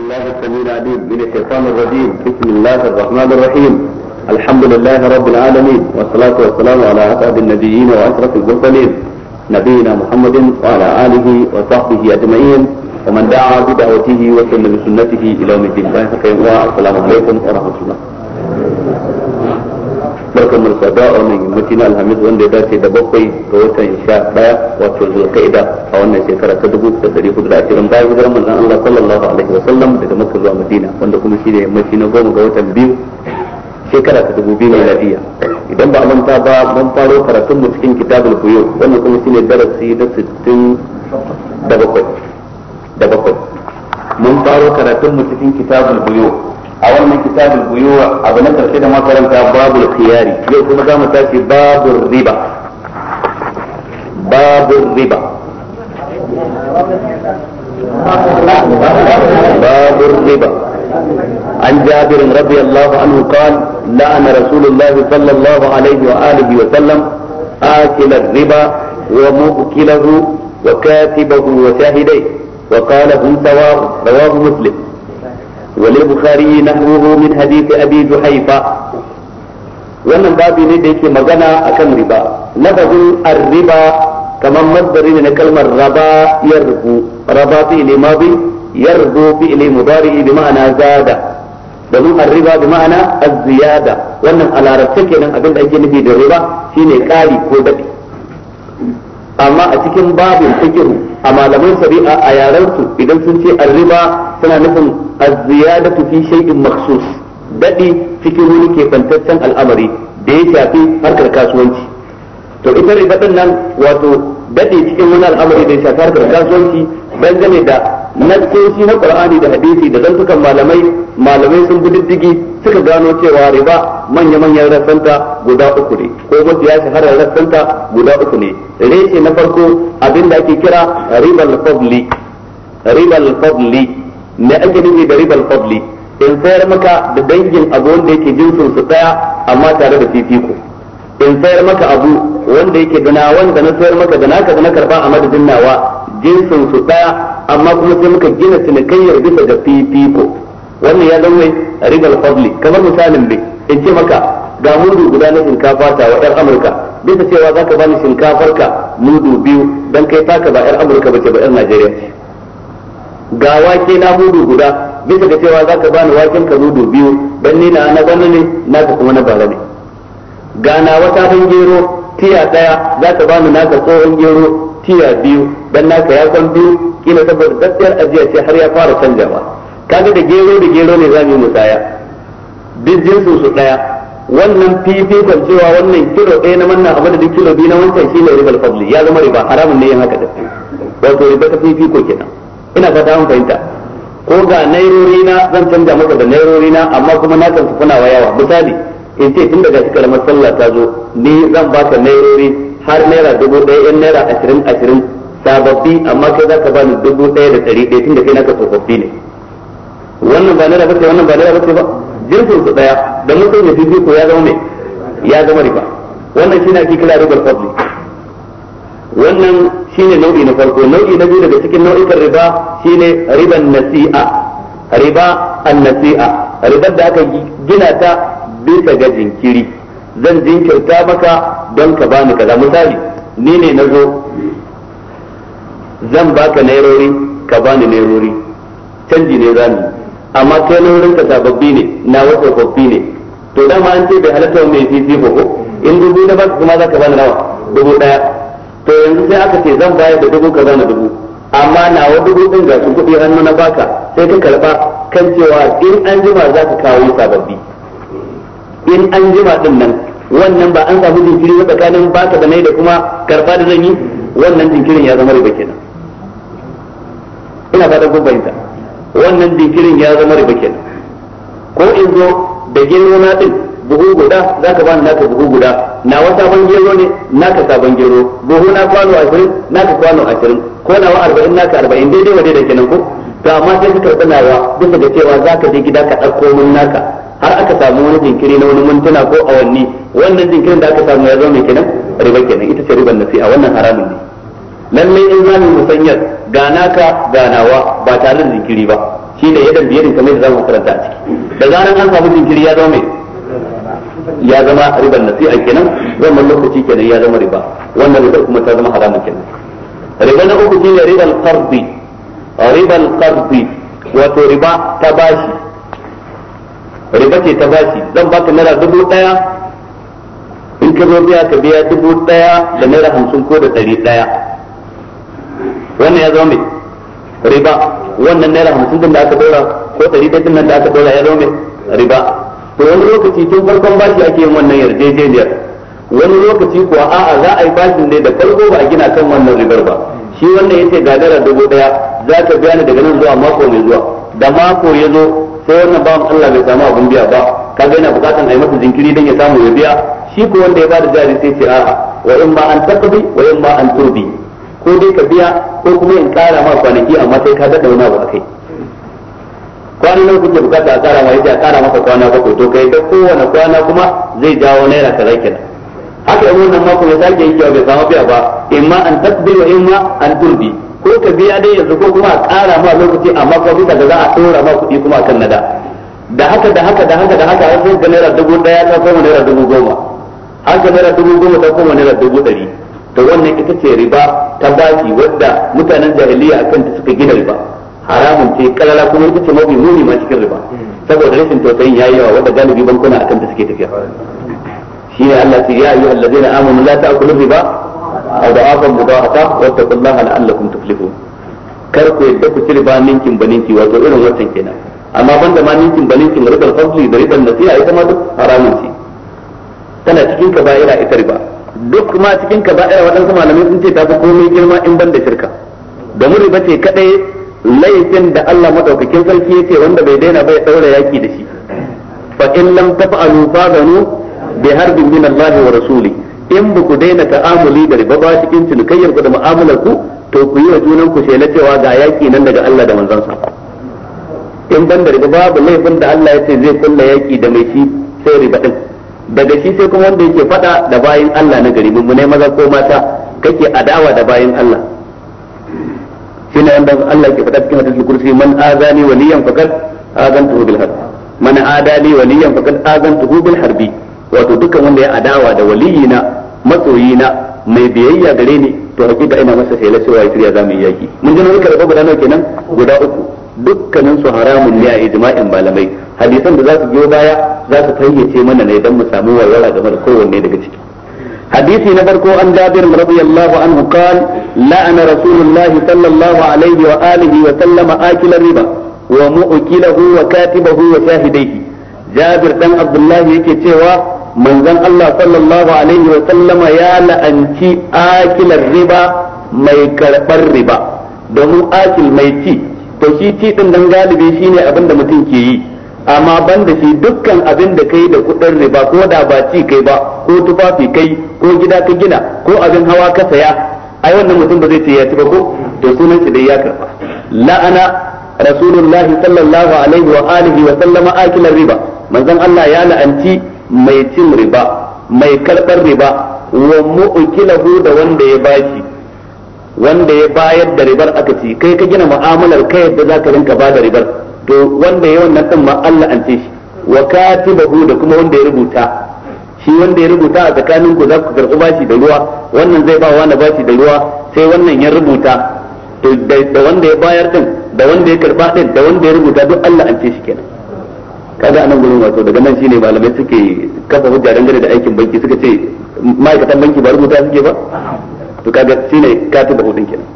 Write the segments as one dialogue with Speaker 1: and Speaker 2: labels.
Speaker 1: الله السميع العليم من الشيطان الرجيم بسم الله الرحمن الرحيم الحمد لله رب العالمين والصلاة والسلام على أسعد النبيين وأشرف المرسلين نبينا محمد وعلى آله وصحبه أجمعين ومن دعا بدعوته وسلم بسنته إلى يوم الدين السلام عليكم ورحمة الله barkan mu da a wannan yammaci na alhamis wanda ya dace da bakwai ga watan sha daya wato zulqaida a wannan shekara ta dubu da dari hudu da ashirin bayan hijirar manzon Allah sallallahu alaihi wa sallam daga makka zuwa madina wanda kuma shine yammaci na goma ga watan biyu shekara ta dubu biyu miladiya idan ba a manta ba mun faro karatun mu cikin kitabul buyu wannan kuma shine darasi na sittin da bakwai da bakwai mun faro karatun mu cikin kitabul buyu أول من كتاب البيوع أبو نكر كده ما كرمت باب الخياري يقول كما كان متاكي باب الربا باب الربا باب الربا عن جابر رضي الله عنه قال لعن رسول الله صلى الله عليه وآله وسلم آكل الربا ومؤكله وكاتبه وشاهديه وقال هم رواه مسلم wale وللبخاري na من حديث أبي haifa wannan babi ne da yake magana akan riba lafazin arriba kamar masdari ne na kalmar raba yarbu raba fi ile madi yarbu fi ile zada domin arriba bi ma'ana az-ziyada wannan a larabce kenan da ake riba shine kari ko dadi amma a cikin babin fikihu a malaman shari'a a yaran su idan sun ce arriba suna nufin azziyada tu fi shay'in makhsus dadi cikin wani kebantaccen al'amari da ya shafi harkar kasuwanci to ita riba din nan wato dadi cikin wani al'amari da ya shafi harkar kasuwanci dangane da nassoshi na Qur'ani da hadisi da zantukan malamai malamai sun bi diddigi suka gano cewa riba manya manyan rassanta guda uku ne ko mafi ya shahara rassanta guda uku ne reshe na farko abin da ake kira al fadli al fadli me ake nufi da ribal fadli in sayar maka da dangin abu wanda yake jinsin su daya amma tare da fifiko in sayar maka abu wanda yake da na wanda na sayar maka da naka da na karba a madadin nawa jinsin su daya amma kuma sai muka gina cinikayyar bisa da fifiko wannan ya zama ribal fadli kamar misalin bai in ce maka ga mudu guda na shinkafa ta wa 'yar amurka bisa cewa za ka bani shinkafarka mudu biyu don kai taka ba 'yar amurka ba ce ba 'yar najeriya ga wake na hudu guda bisa ga cewa zaka bani waken ka hudu biyu dan ni na na bana ne ka kuma na bara ne ga na wata dan gero tiya daya zaka bani naka tsohon gero tiya biyu dan ka ya san biyu kila saboda gaskiyar ajiya ce har ya fara canjawa kaga da gero da gero ne zamu yi musaya duk jinsu su daya wannan fifikon cewa wannan kilo ɗaya na manna a madadin kilo biyu na wancan shi ne ribar fadli ya zama riba haramun ne yin haka da wato riba ta ko kenan ina fata an fahimta ko ga nairori na zan canja maka da nairori na amma kuma na kansu kuna wa yawa misali in ce tun daga cikin ramar sallah ta zo ni zan baka nairori har naira dubu ɗaya yan naira ashirin ashirin sababbi amma kai za ka bani dubu ɗaya da ɗari ɗaya tun da kai naka tsofaffi ne wannan ba naira bace wannan ba naira bace ba jirgin su daya da mutum ya jirgin ko ya zama mai ya zama riba wannan shine ake kira ribar fadli wannan shine nau'i na farko nau'i na biyu daga cikin nau'ikan riba shine riban nasi'a riba an-nasi'a ribar da aka gina ta bisa ga jinkiri zan jinkirta maka don ka bani kaza misali ni ne nazo zan baka nairori ka bani nairori canji ne zani amma kai nairorin ka sababbi ne na wasu kofi ne to dama an ce bai halatta mai fifiko ko in dubu na ba kuma za ka bani nawa dubu daya to yanzu sai aka ce zan bayar da dubu kaza na dubu amma wa dubu din ga su kuɗi hannu na baka sai ka karba kan cewa in an jima za ka kawo sababbi in an jima din nan wannan ba an samu jinkiri ba tsakanin baka da nai da kuma karba da zan yi wannan jinkirin ya zama riba kenan ina fatan kun fahimta wannan jinkirin ya zama riba kenan ko in zo da girma din buhu guda za ka bani naka buhu guda na wata sabon gero ne naka sabon gero buhu na kwano ashirin naka kwano ashirin ko nawa arba'in naka arba'in daidai wa daidai kenan ko to amma sai suka karɓi nawa bisa ga cewa za ka je gida ka ɗauko mun naka har aka samu wani jinkiri na wani mintuna ko awanni wannan jinkirin da aka samu ya zo mai kenan riba kenan ita ce riban nasia wannan haramun ne lalle in za mu musanyar gana ka ganawa ba tare da jinkiri ba shi ne yadda biyar kamar da za mu karanta a ciki da zaran an samu jinkiri ya zama mai ya zama riban nasi'a kenan wannan lokaci kenan ya zama riba wannan riba kuma ta zama haramun kenan riba na uku shine ribal qardi ribal qardi wato riba ta bashi riba ce ta bashi zan baka naira dubu daya in ka zo biya ka biya dubu daya da naira hamsin ko da dari daya wannan ya zama mai riba wannan naira hamsin din da aka dora ko dari din nan da aka dora ya zama mai riba to wani lokaci tun farkon bashi ake yin wannan yarjejeniyar wani lokaci kuwa a'a za a yi bashin ne da farko ba a gina kan wannan rigar ba shi wannan yace ce dubu daya za ka biya ni daga nan zuwa mako mai zuwa da mako ya zo sai wannan bawan Allah bai samu abin biya ba ga yana bukatan a yi masa jinkiri dan ya samu ya biya shi ko wanda ya bada jari sai ce a'a wa in ma an taqbi wa in ma an turbi ko dai ka biya ko kuma in kara ma kwanaki amma sai ka daɗa wani abu akai kwanan nan kuke bukata a kara mai a kara maka kwana bakwai to kai ta kowane kwana kuma zai jawo naira kaza kenan haka yau nan mako mai sake yake bai samu biya ba imma an tasbiru imma an turbi ko ka biya dai yanzu ko kuma a kara ma lokaci amma ko bisa da za a tsora ma kuɗi kuma kan nada da haka da haka da haka da haka har sai ga naira dubu daya ta koma naira dubu goma har ga naira dubu goma ta koma naira dubu ɗari to wannan ita ce riba ta baki wadda mutanen jahiliya akan ta suka gina riba haramun ce kalala kuma ita ce mafi muni ma cikin riba saboda rashin tausayin yayi yawa wanda galibi bankuna akan da suke tafiya shi ne Allah ce ya ayyuhal ladzina amanu la ta'kulu riba aw da'afan mudahata wattaqullaha la'allakum tuflihun kar ku yadda ku ci riba ninkin baninki wato irin wancan kenan amma banda ma ninkin baninkin ribar fadli da ribar nasiha ita ma duk haramun ce tana cikin kaba'ira ita riba duk ma cikin kaba'ira waɗansu malamai sun ce ta fi komai girma in banda shirka domin riba ce kadai laifin da Allah madaukakin sarki ya ce wanda bai daina bai daura yaki da shi fa in lam taf'alu fadanu bi harbin min Allah wa rasuli in ba ku daina ta'amuli da riba ba cikin cinikayyar ku da mu'amalar ku to ku yi wa junan ku shela cewa ga yaki nan daga Allah da sa in ban da riba babu laifin da Allah ya ce zai kulla yaki da mai shi sai riba din daga shi sai kuma wanda yake faɗa da bayin Allah na gari mun ne maza ko mata kake adawa da bayin Allah shine wanda Allah ke faɗa cikin hadisul kursi man azani waliyan faqad azantuhu bil man waliyan faqad azantuhu bil harbi wato dukkan wanda ya adawa da waliyina matsoyina mai biyayya gare ni to hakika ina masa shela cewa ya shirya zamu yi yaki mun ji nauka da guda nawa kenan guda uku dukkanin su haramun ne a ijma'in malamai hadisan da za su biyo baya za su fayyace mana ne dan mu samu walwala game da kowanne daga ciki حديثي نبركو عن جابر رضي الله عنه قال لعن رسول الله صلى الله عليه وآله وسلم آكل الربا ومؤكله وكاتبه وشاهديه جابر بن عبد الله يكي تيوا من ذن الله صلى الله عليه وسلم يا لأنتي آكل الربا mai karɓar riba domin akil mai ci to shi ci ɗin dan galibi shine abin da mutum ke yi amma ban da shi dukkan abin da kai da kudin riba ko da ba ci kai ba ko tufafi kai ko gida ka gina ko abin hawa ka saya ai wannan mutum ba zai ce ya ci ba ko to sunan shi dai ya karba la'ana rasulullahi sallallahu alaihi wa alihi wa sallama akilar riba manzon Allah ya la'anci mai cin riba mai karbar riba wa mu'kilahu da wanda ya bashi wanda ya bayar da ribar aka ci kai ka gina mu'amalar kai yadda zaka rinka ba da ribar to wanda ya wannan din ma Allah an ce shi wa katibahu da kuma wanda ya rubuta shi wanda ya rubuta a tsakanin ku za ku karɓi bashi da ruwa wannan zai ba wani bashi da ruwa sai wannan ya rubuta to da wanda ya bayar din da wanda ya karba din da wanda ya rubuta duk Allah an ce shi kenan kaga anan gurin wato daga nan shine malamai suke kafa hujja dangane da aikin banki suka ce ma'aikatan banki ba rubuta suke ba to kaga shine katibahu din kenan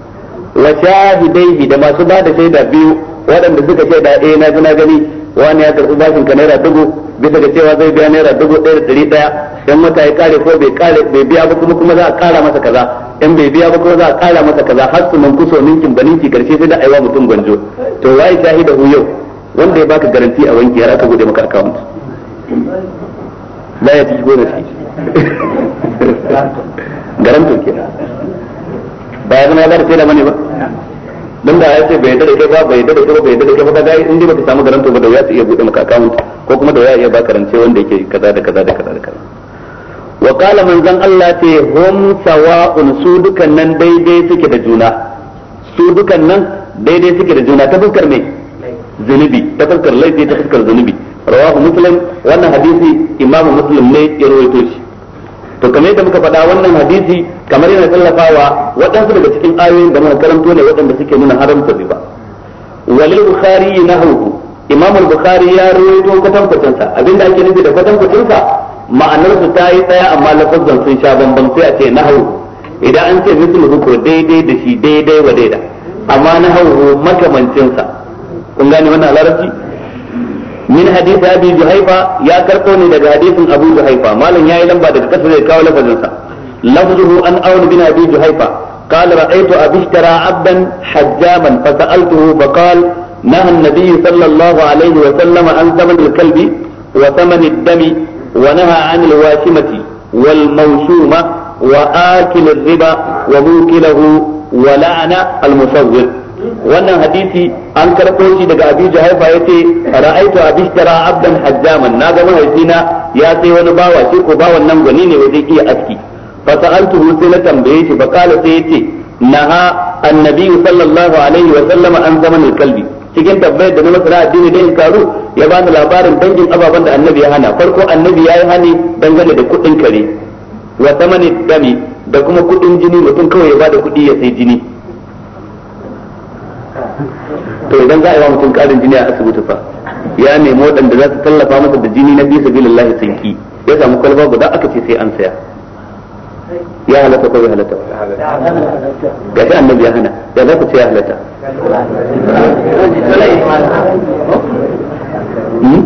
Speaker 1: wa shahidaihi da masu ba da shaida biyu waɗanda suka ce da eh na ji na gani wani ya karɓi bashin ka naira dubu bisa ga cewa zai biya naira dubu ɗaya da ɗari ɗaya in mata ya kare ko bai kare bai biya ba kuma kuma za a kara masa kaza in bai biya ba kuma za a kara masa kaza har su mun kuso ninkin ba ninki karshe sai da aiwa mutum gwanjo to waye shahida hu yau wanda ya baka garanti a wanki har aka gode maka account ba ya tiji gona shi garanto ke ba ya zama ya ba sai da mani ba dan da ya ce bai da kai ba bai yadda da kai ba bai yadda da kai ba kaga in dai baka samu garanto ba da ya iya bude maka account ko kuma da ya iya baka rance wanda yake kaza da kaza da kaza da kaza wa qala manzon Allah ce hum sawa'un su dukan nan daidai suke da juna su dukan nan daidai suke da juna ta fuskar ne zunubi ta fuskar laifi ta fuskar zunubi rawahu muslim wannan hadisi imamu muslim ne ya rawaito shi to kamar yadda muka faɗa wannan hadisi kamar yana tallafawa waɗansu daga cikin ayoyin da muka karanto ne waɗanda suke nuna haramta riba walil bukhari nahu imam al-bukhari ya rawaito kwatankwacin sa abinda ake nufi da kwatankwacin sa ma'anar su ta yi tsaya amma lafazan sun sha bambam sai a ce nahu idan an ce mislu ko daidai da shi daidai wa daida amma nahu makamancin sa kun gane wannan larabci min hadisi abi juhaifa ya karko ne daga hadisin abu juhaifa malam yayi lamba daga kasar ya kawo lafazin sa lafzuhu an aun bin abi juhaifa qala ra'aytu abishtara abdan hajjaman fa sa'altuhu fa qala نهى النبي صلى الله عليه وسلم عن ثمن الكلب وثمن الدم ونهى عن الواشمة والموشومة وآكل الربا وموكله ولعن المصور wannan hadisi an karɓo shi daga abu ya ya ce ra'aitu abishtara abdan hajjaman na ga mahaifina ya sai wani bawa shi ko bawan nan gwani ne wajen iya aski fa sa'altuhu sai na tambaye shi ba kala sai na naha annabi sallallahu alaihi wa sallama an zama ne kalbi cikin tabbayar da na masana addini da in karu ya bani labarin dangin ababen da annabi ya hana farko annabi ya yi hani dangane da kuɗin kare wa samanin dami da kuma kuɗin jini mutum kawai ya bada kuɗi ya sai jini to idan za a yi wa mutum karin jini a asibiti fa ya nemi waɗanda za su tallafa masa da jini na bisa billahi sun ki ya samu kwalba guda aka ce sai an saya ya halatta ko bai halatta ga shi annabi ya hana da za ku ce ya halatta hmm?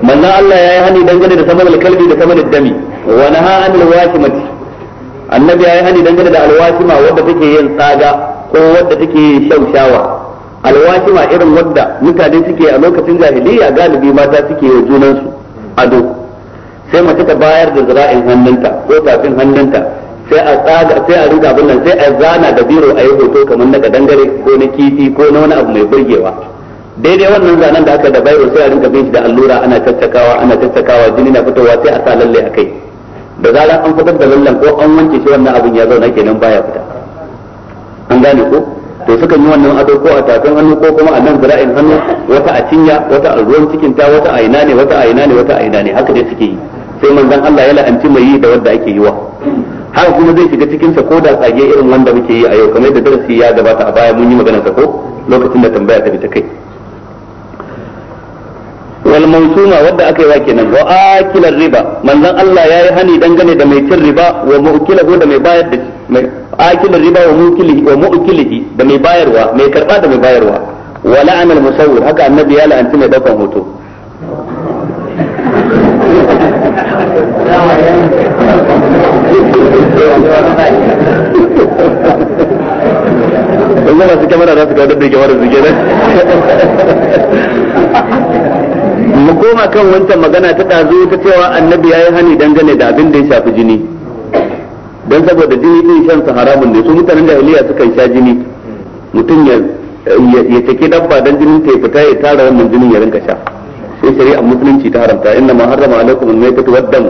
Speaker 1: manzon Allah ya yi hani dangane da da kalbi da saman dami wa naha anil waqimati annabi ya yi hani dangane da alwashima wadda take yin tsaga ko wadda take yin shaushawa alwashima irin wadda mutane suke a lokacin jahiliya galibi mata suke a junansu ado sai mace ta bayar da zira'in hannunta ko tafin hannunta sai a tsaga sai a rinka abin nan sai a zana da biro a yi hoto kamar na dangare ko na kifi ko na wani abu mai burgewa daidai wannan zanen da aka da bayro sai a rinka bin shi da allura ana caccakawa ana caccakawa jini na fitowa sai a sa lalle a kai da zarar an fitar da lallan ko an wanke shi wannan abin ya zauna kenan baya fita an gane ko to suka yi wannan ado ko a tafin hannu ko kuma a nan zira'in hannu wata a cinya wata a ruwan cikin ta wata a ina ne wata a ina ne wata a ina ne haka dai suke yi sai manzon Allah ya la'anci mai yi da wanda ake yi wa haka kuma zai shiga cikin sa ko da tsage irin wanda muke yi a yau kamar da darasi ya gabata a baya mun yi magana sa ko lokacin da tambaya ta bi ta kai wal mawsuma wadda aka yi wa kenan wa akilar riba manzon Allah yayi hani dangane da mai cin riba wa mu'kilahu da mai bayar da mai akilar riba wa mu'kilihi wa mu'kilihi da mai bayarwa mai karba da mai bayarwa wa la'ana al musawwir haka annabi ya la'anci mai daukan hoto yanzu masu kyamara da su mu koma kan wancan magana ta ɗazu ta cewa annabi ya yi hani dangane da abin da ya shafi jini don saboda jini ɗin shan su haramun ne su mutanen jahiliya kan sha jini mutum ya ya take dabba dan jinin ta ya fita ya tara wannan jinin ya rinka sha sai shari'a musulunci ta haramta inna ma harrama alaikum al-maytatu wad-dam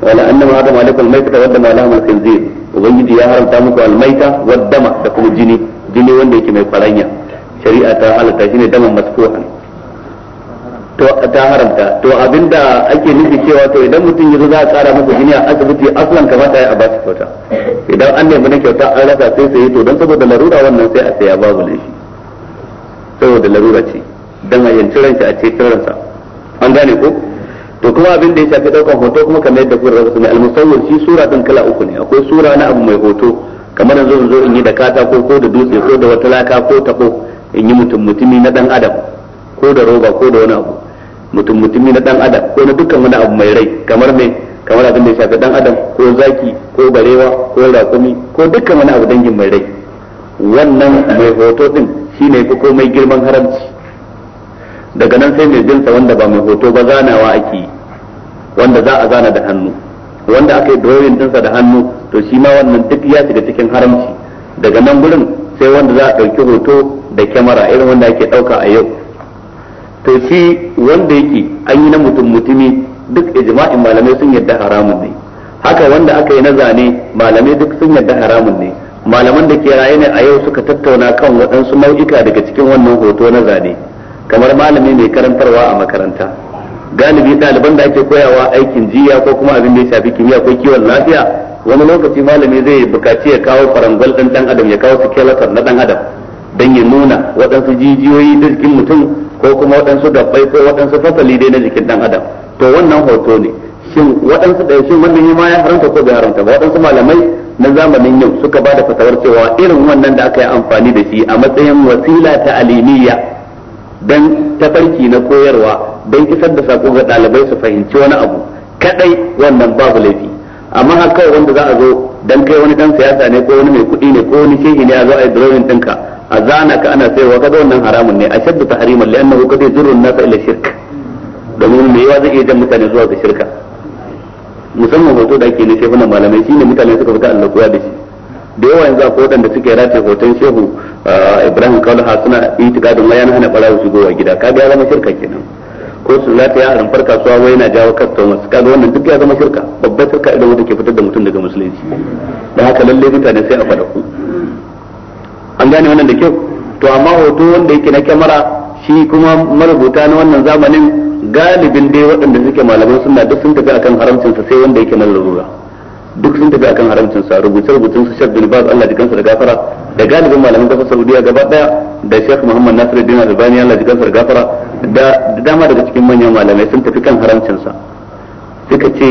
Speaker 1: wala anna ma harrama alaikum al-maytatu wad-dam wa lahma khinzir ubangiji ya haramta muku al-mayta dam da kuma jini jini wanda yake mai faranya shari'a ta halatta shine daman masfuhan to ta haramta to abinda ake nufi cewa to idan mutum yanzu za a kara masa jini a asibiti aslan kamata ya a basu kyauta idan an nemi na kyauta an rasa sai sai to don saboda larura wannan sai a saya babu ne shi saboda larura ce don a yanci ransa a ce ransa an gane ko to kuma abin da ya shafi daukan hoto kuma kamar yadda kuka rasa ne almusawwir shi sura din kala uku ne akwai sura na abu mai hoto kamar yanzu in zo in yi da katako ko da dutse ko da wata laka ko tabo in yi mutum mutumi na dan adam ko da roba ko da wani abu mutum mutumi na dan adam ko na dukkan wani abu mai rai kamar mai kamar abin da ya shafi dan adam ko zaki ko barewa ko raƙumi ko dukkan wani abu dangin mai rai wannan mai hoto din shine fi komai girman haramci daga nan sai mai jinsa wanda ba mai hoto ba zanawa ake yi wanda za a zana da hannu wanda aka yi drawing dinsa da hannu to shi ma wannan duk ya shiga cikin haramci daga nan gurin sai wanda za a ɗauki hoto da kyamara irin wanda ake ɗauka a yau to shi wanda yake an yi na mutum mutumi duk ijma'in malamai sun yadda haramun ne haka wanda aka yi na zane malamai duk sun yadda haramun ne malaman da ke raye ne a yau suka tattauna kan waɗansu nau'ika daga cikin wannan hoto na zane kamar malami mai karantarwa a makaranta galibi ɗaliban da ake koyawa aikin jiya ko kuma abin da ya shafi kimiyya ko kiwon lafiya wani lokaci malami zai bukaci ya kawo farangwal ɗan ɗan adam ya kawo su sikelatar na ɗan adam don ya nuna waɗansu jijiyoyi na jikin mutum ko kuma waɗansu gabbai ko waɗansu fasali dai na jikin ɗan adam to wannan hoto ne shin waɗansu da shin wannan ma ya haramta ko bai haramta ba waɗansu malamai na zamanin yau suka ba da fatawar cewa irin wannan da aka yi amfani da shi a matsayin wasila ta alimiyya don tafarki na koyarwa don isar da sako ga ɗalibai su fahimci wani abu kadai wannan babu laifi amma haka wanda za a zo dan kai wani dan siyasa ne ko wani mai kuɗi ne ko wani shehi ne a zo a yi drawing ɗinka ka ana sayarwa kaga wannan haramun ne ashaddu tahriman li'annahu qad yajru na nasa ila shirk domin me ya zai iya jan mutane zuwa ga shirka musamman hoto da ake ne shehu malamai shine mutane suka fita Allah koya da shi da yawa yanzu akwai wadanda suke rataye hoton shehu Ibrahim Kaulaha suna itikadin wai yana hana su shigowa gida kaga ya zama shirka kenan ko su rataye a farka suwa wai yana jawo customers kaga wannan duk ya zama shirka babbar shirka idan wanda ke fitar da mutum daga musulunci da haka lalle mutane sai a faɗa ku an gane wannan da kyau to amma hoto wanda yake na kyamara shi kuma marubuta na wannan zamanin galibin dai waɗanda suke malaman suna duk sun tafi akan haramcinsa sai wanda yake na larura duk sun tafi akan haramcin sa rubuce rubutun su Sheikh bin allah Allah jikansa da gafara da galibin malaman kafa Saudiya gaba daya da Sheikh Muhammad Nasiruddin Albani Allah jikansa da gafara da dama daga cikin manyan malamai sun tafi kan haramcinsa sa suka ce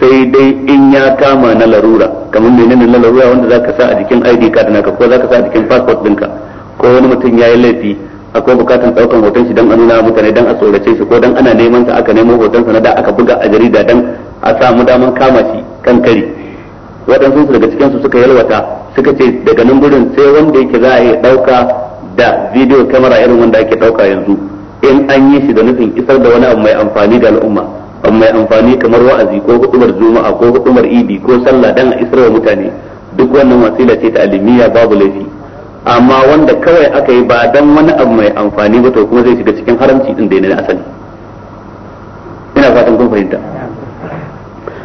Speaker 1: sai dai in ya kama na larura kamar menene na larura wanda zaka sa a jikin ID card naka ko zaka sa a jikin passport dinka ko wani mutum yayi laifi akwai bukatan daukan hoton shi dan a nuna mutane dan a tsorace shi ko dan ana neman sa aka nemo hoton sa na da aka buga a jarida dan a samu daman kama shi kan kari waɗansu su daga cikin su suka yalwata suka ce daga nan gurin sai wanda yake za a yi dauka da video camera irin wanda ake dauka yanzu in an yi shi da nufin isar da wani abu mai amfani da al'umma mai amfani kamar wa'azi ko hudubar juma'a ko hudubar idi ko sallah dan a isra mutane duk wannan wasila ce ta alimiya babu laifi amma wanda kawai aka yi ba dan wani abu mai amfani ba to kuma zai shiga cikin haramci din da na asali ina fatan kun fahimta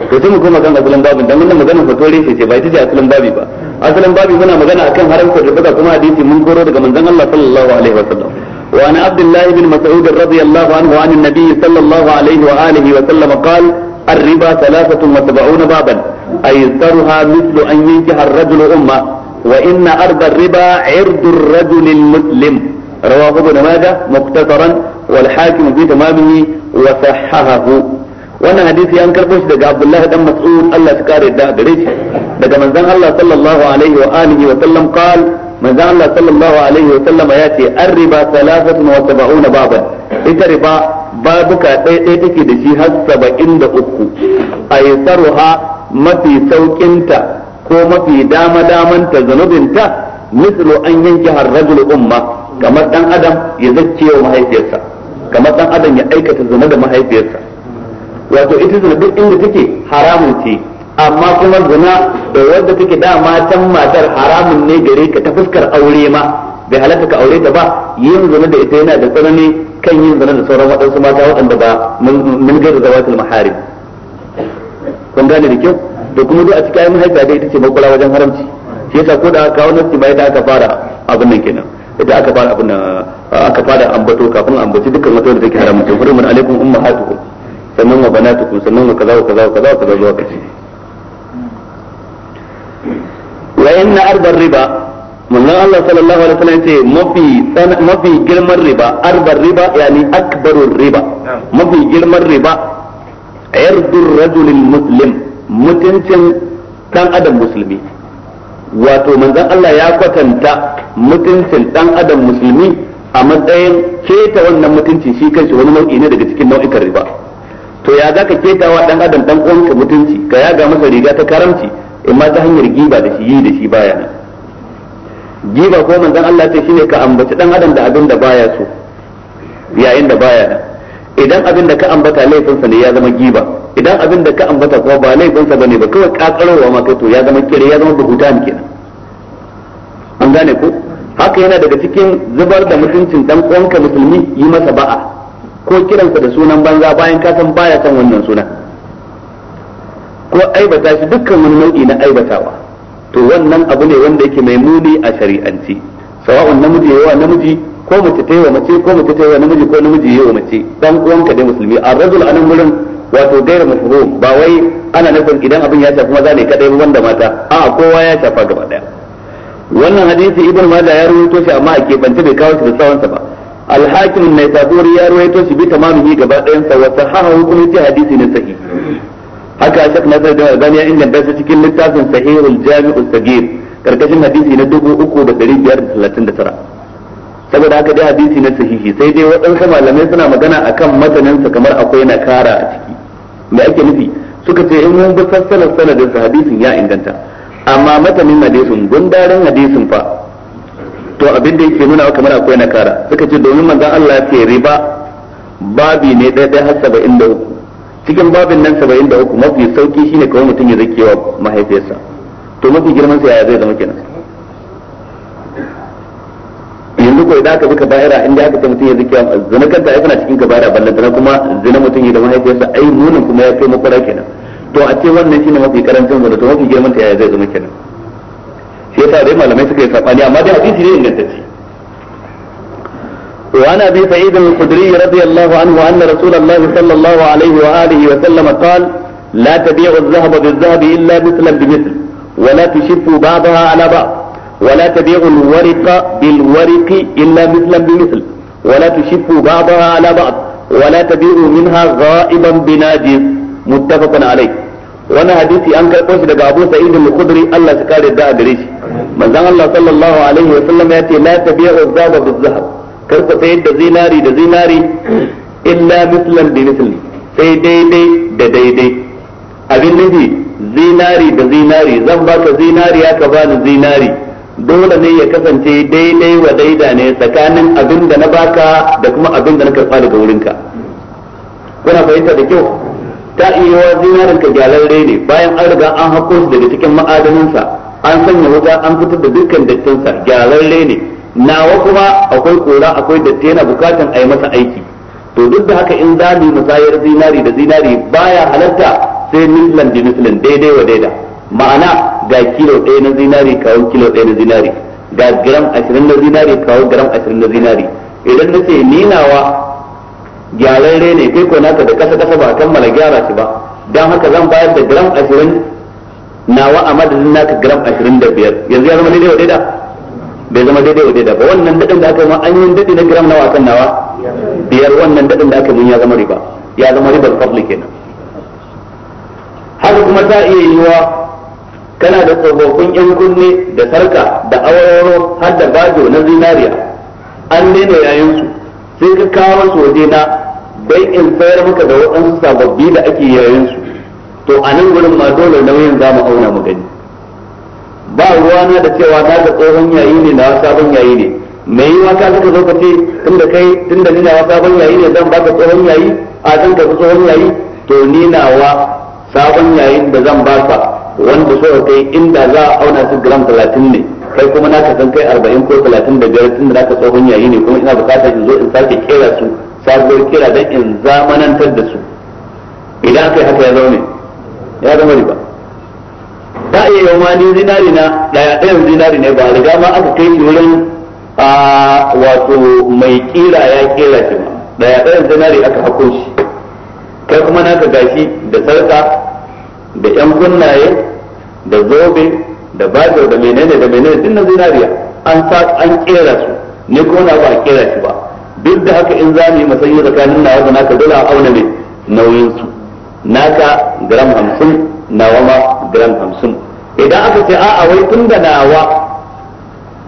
Speaker 1: to sai mu koma kan asalin babin dan wannan maganar fatore ce ba ita ce asalin babi ba asalin babi muna magana akan haramci da kuma hadisi mun koro daga manzon Allah sallallahu alaihi wasallam وعن عبد الله بن مسعود رضي الله عنه عن النبي صلى الله عليه وآله وسلم قال الربا ثلاثة وسبعون بابا أيسرها مثل أن ينجح الرجل أمه وإن أرض الربا عرض الرجل المسلم رواه ابن ماجه مختصرا والحاكم في تمامه وصححه وانا hadisi ينكر karbo عبد الله بن مسعود Mas'ud Allah تكاري kare da gare shi الله manzon Allah sallallahu alaihi wa alihi manzo Allah sallallahu alaihi wa sallama ya ce arriba salasatun wa sab'una baban ita riba babuka ɗaya ɗaya take da shi har saba'in da uku aisaruha mafi ta ko mafi dama ta damanta ta, mislu an yanki har umma kamar dan adam ya zacce wa mahaifiyarsa kamar dan adam ya aikata zina da mahaifiyarsa wato ita zina duk inda take haramun ce amma kuma zina da wadda take dama can matar haramun ne gare ka ta fuskar aure ma bai halatta ka aure ta ba yin zina da ita yana da tsanani kan yin zina da sauran waɗansu mata waɗanda ba mun da zawatul maharib kun gane da kyau da kuma duk a cikin ayyukan haifa da ita ce makula wajen haramci shi yasa ko da aka kawo nasi bai da aka fara abin nan kenan idan aka fara abin aka fara ambato kafin ambaci dukkan wata da take haramta hurmun alaikum ummahatukum sannan wa banatukum sannan wa kaza wa kaza wa kaza wa kaza zuwa kace wa inna arbar riba manzon Allah sallallahu alaihi wasallam yace mafi mafi girman riba arba riba yani akbarur riba mafi girman riba irdur rajulil muslim mutuncin dan adam musulmi wato manzon Allah ya kwatanta mutuncin dan adam musulmi a matsayin keta wannan mutunci shi kanshi wani nau'i ne daga cikin nau'ikan riba to ya zaka keta wa dan adam dan uwanka mutunci ka ga masa riga ta karamci imma ta hanyar giba da shi yi da shi baya nan giba ko manzon Allah ce shine ka ambaci dan adam da abin da baya so yayin da baya nan idan abin da ka ambata laifinsa ne ya zama giba idan abin da ka ambata kuma ba laifinsa bane ba kawai kakarowa ma kai to ya zama kire ya zama buhuta ne kenan an gane ko haka yana daga cikin zubar da mutuncin dan uwanka musulmi yi masa ba'a ko kiransa da sunan banza bayan ka san baya san wannan sunan ko aibata shi dukkan wani nau'i na aibatawa to wannan abu ne wanda yake mai muni a shari'anci sawa'un namiji yawa namiji ko mace ta yawa mace ko mace ta yawa namiji ko namiji yawa mace dan uwanka dai musulmi a rajul anan gurin wato gairu mafhum ba wai ana nufin idan abin ya shafi maza ne kadai wanda mata a kowa ya shafa gaba daya wannan hadisi ibn majah ya rawaito shi amma a kebance bai kawo shi da tsawonsa ba al mai an ya rawaito shi bi tamamihi gaba dayan sa wa sahaha hukumci hadisi na sahihi haka shek nasar da zan ya inganta shi cikin littafin sahihul jami'u sagir karkashin hadisi na 3539 saboda haka dai hadisi na sahihi sai dai waɗansu malamai suna magana akan matanin sa kamar akwai nakara a ciki me ake nufi suka ce in mun bi sassanar sanadin sa hadisin ya inganta amma matanin hadisin gundarin hadisin fa to abin da yake nuna kamar akwai nakara suka ce domin manzon Allah ya ce riba babi ne ɗaya ɗaya har 73 cikin babin nan uku mafi sauki shine kawai mutum ya wa mahaifiyarsa to mafi girman sai ya zai zama kenan yanzu ko idan aka bi kaba'ira inda aka ce mutum ya wa zina kanta ai kana cikin kaba'ira balle dana kuma zina mutum ya da mahaifiyarsa ai munin kuma ya kai makwara kenan to a ce wannan shine mafi karancin zina to mafi girman ta ya zai zama kenan shi yasa dai malamai suka yi sabani amma dai hadisi ne ingantacce وعن ابي سعيد الخدري رضي الله عنه ان رسول الله صلى الله عليه واله وسلم قال لا تبيع الذهب بالذهب الا مثلا بمثل ولا تشف بعضها على بعض ولا تبيع الورق بالورق الا مثلا بمثل ولا تشف بعضها على بعض ولا تبيع منها غائبا بناجز متفق عليه وانا حديثي ان karɓo shi ابو سعيد الخدري الله سكاري Allah ya من الله صلى الله عليه وسلم ياتي لا تبيع الذهب بالذهب kar sai da zinari da zinari illa mislan bi misli sai daidai da daidai abin nufi zinari da zinari zan baka zinari ya ka bani zinari dole ne ya kasance daidai wa daida ne tsakanin abin da na baka da kuma abin da na karfa daga wurinka kuna fahimta da kyau ta iya wa zinarin ka gyararre ne bayan an riga an hako shi daga cikin ma'adaninsa an sanya wuta an fitar da dukkan dattinsa gyararre ne nawa kuma akwai kora akwai datti yana bukatan a yi masa aiki to duk da haka in zali musayar zinari da zinari baya halatta sai nislan da nislan daidai wa daida ma'ana ga kilo ɗaya na zinari kawo kilo ɗaya na zinari ga gram ashirin na zinari kawo gram ashirin na zinari idan na ce ni nawa gyararre ne kai ko naka da kasa kasa ba a kammala gyara shi ba don haka zan bayar da gram ashirin nawa a madadin naka gram ashirin da biyar yanzu ya zama daidai wa daida bai zama daidai wa daidai ba wannan dadin da aka yi ma an yi dadi na gram nawa kan nawa biyar wannan dadin da aka yi ya zama riba ya zama ribar fadli kenan haka kuma ta iya yiwa kana da tsofaffin yan kunne da sarka da awarwaro har da bajo na zinariya an daina yayin su sai ka kawo su waje na bai in sayar maka da waɗansu sababbi da ake yayin su to a nan gurin ma dole nauyin za mu auna mu gani ba ruwana da cewa na da tsohon yayi ne na sabon yayi ne me yi maka suka zo kace tunda kai tunda ni nawa sabon yayi ne zan baka tsohon yayi a zan ka tsohon yayi to ni na wa sabon yayin da zan baka wanda so kai inda za a auna su gram 30 ne kai kuma na ka san kai 40 ko 35 tunda naka tsohon yayi ne kuma ina bukatar in zo in sake kera su sabuwar kira dan in zamanantar da su idan kai haka ya zaune ya zama riba za a yau ma ni zinari na daya ɗayan zinari ne ba riga ma aka kai shi wurin a wato mai kira ya kira shi ma ɗayan zinari aka hako shi kai kuma naka gashi da sarka da ƴan kunnaye da zobe da bajo da menene da menene din na zinariya an sa an kera su ne ko na ba kera shi ba duk da haka in zamu yi masayi tsakanin nawa da naka dole a auna ne nauyin su naka gram hamsin nawa ma gram hamsin idan aka ce a'a wai tun da nawa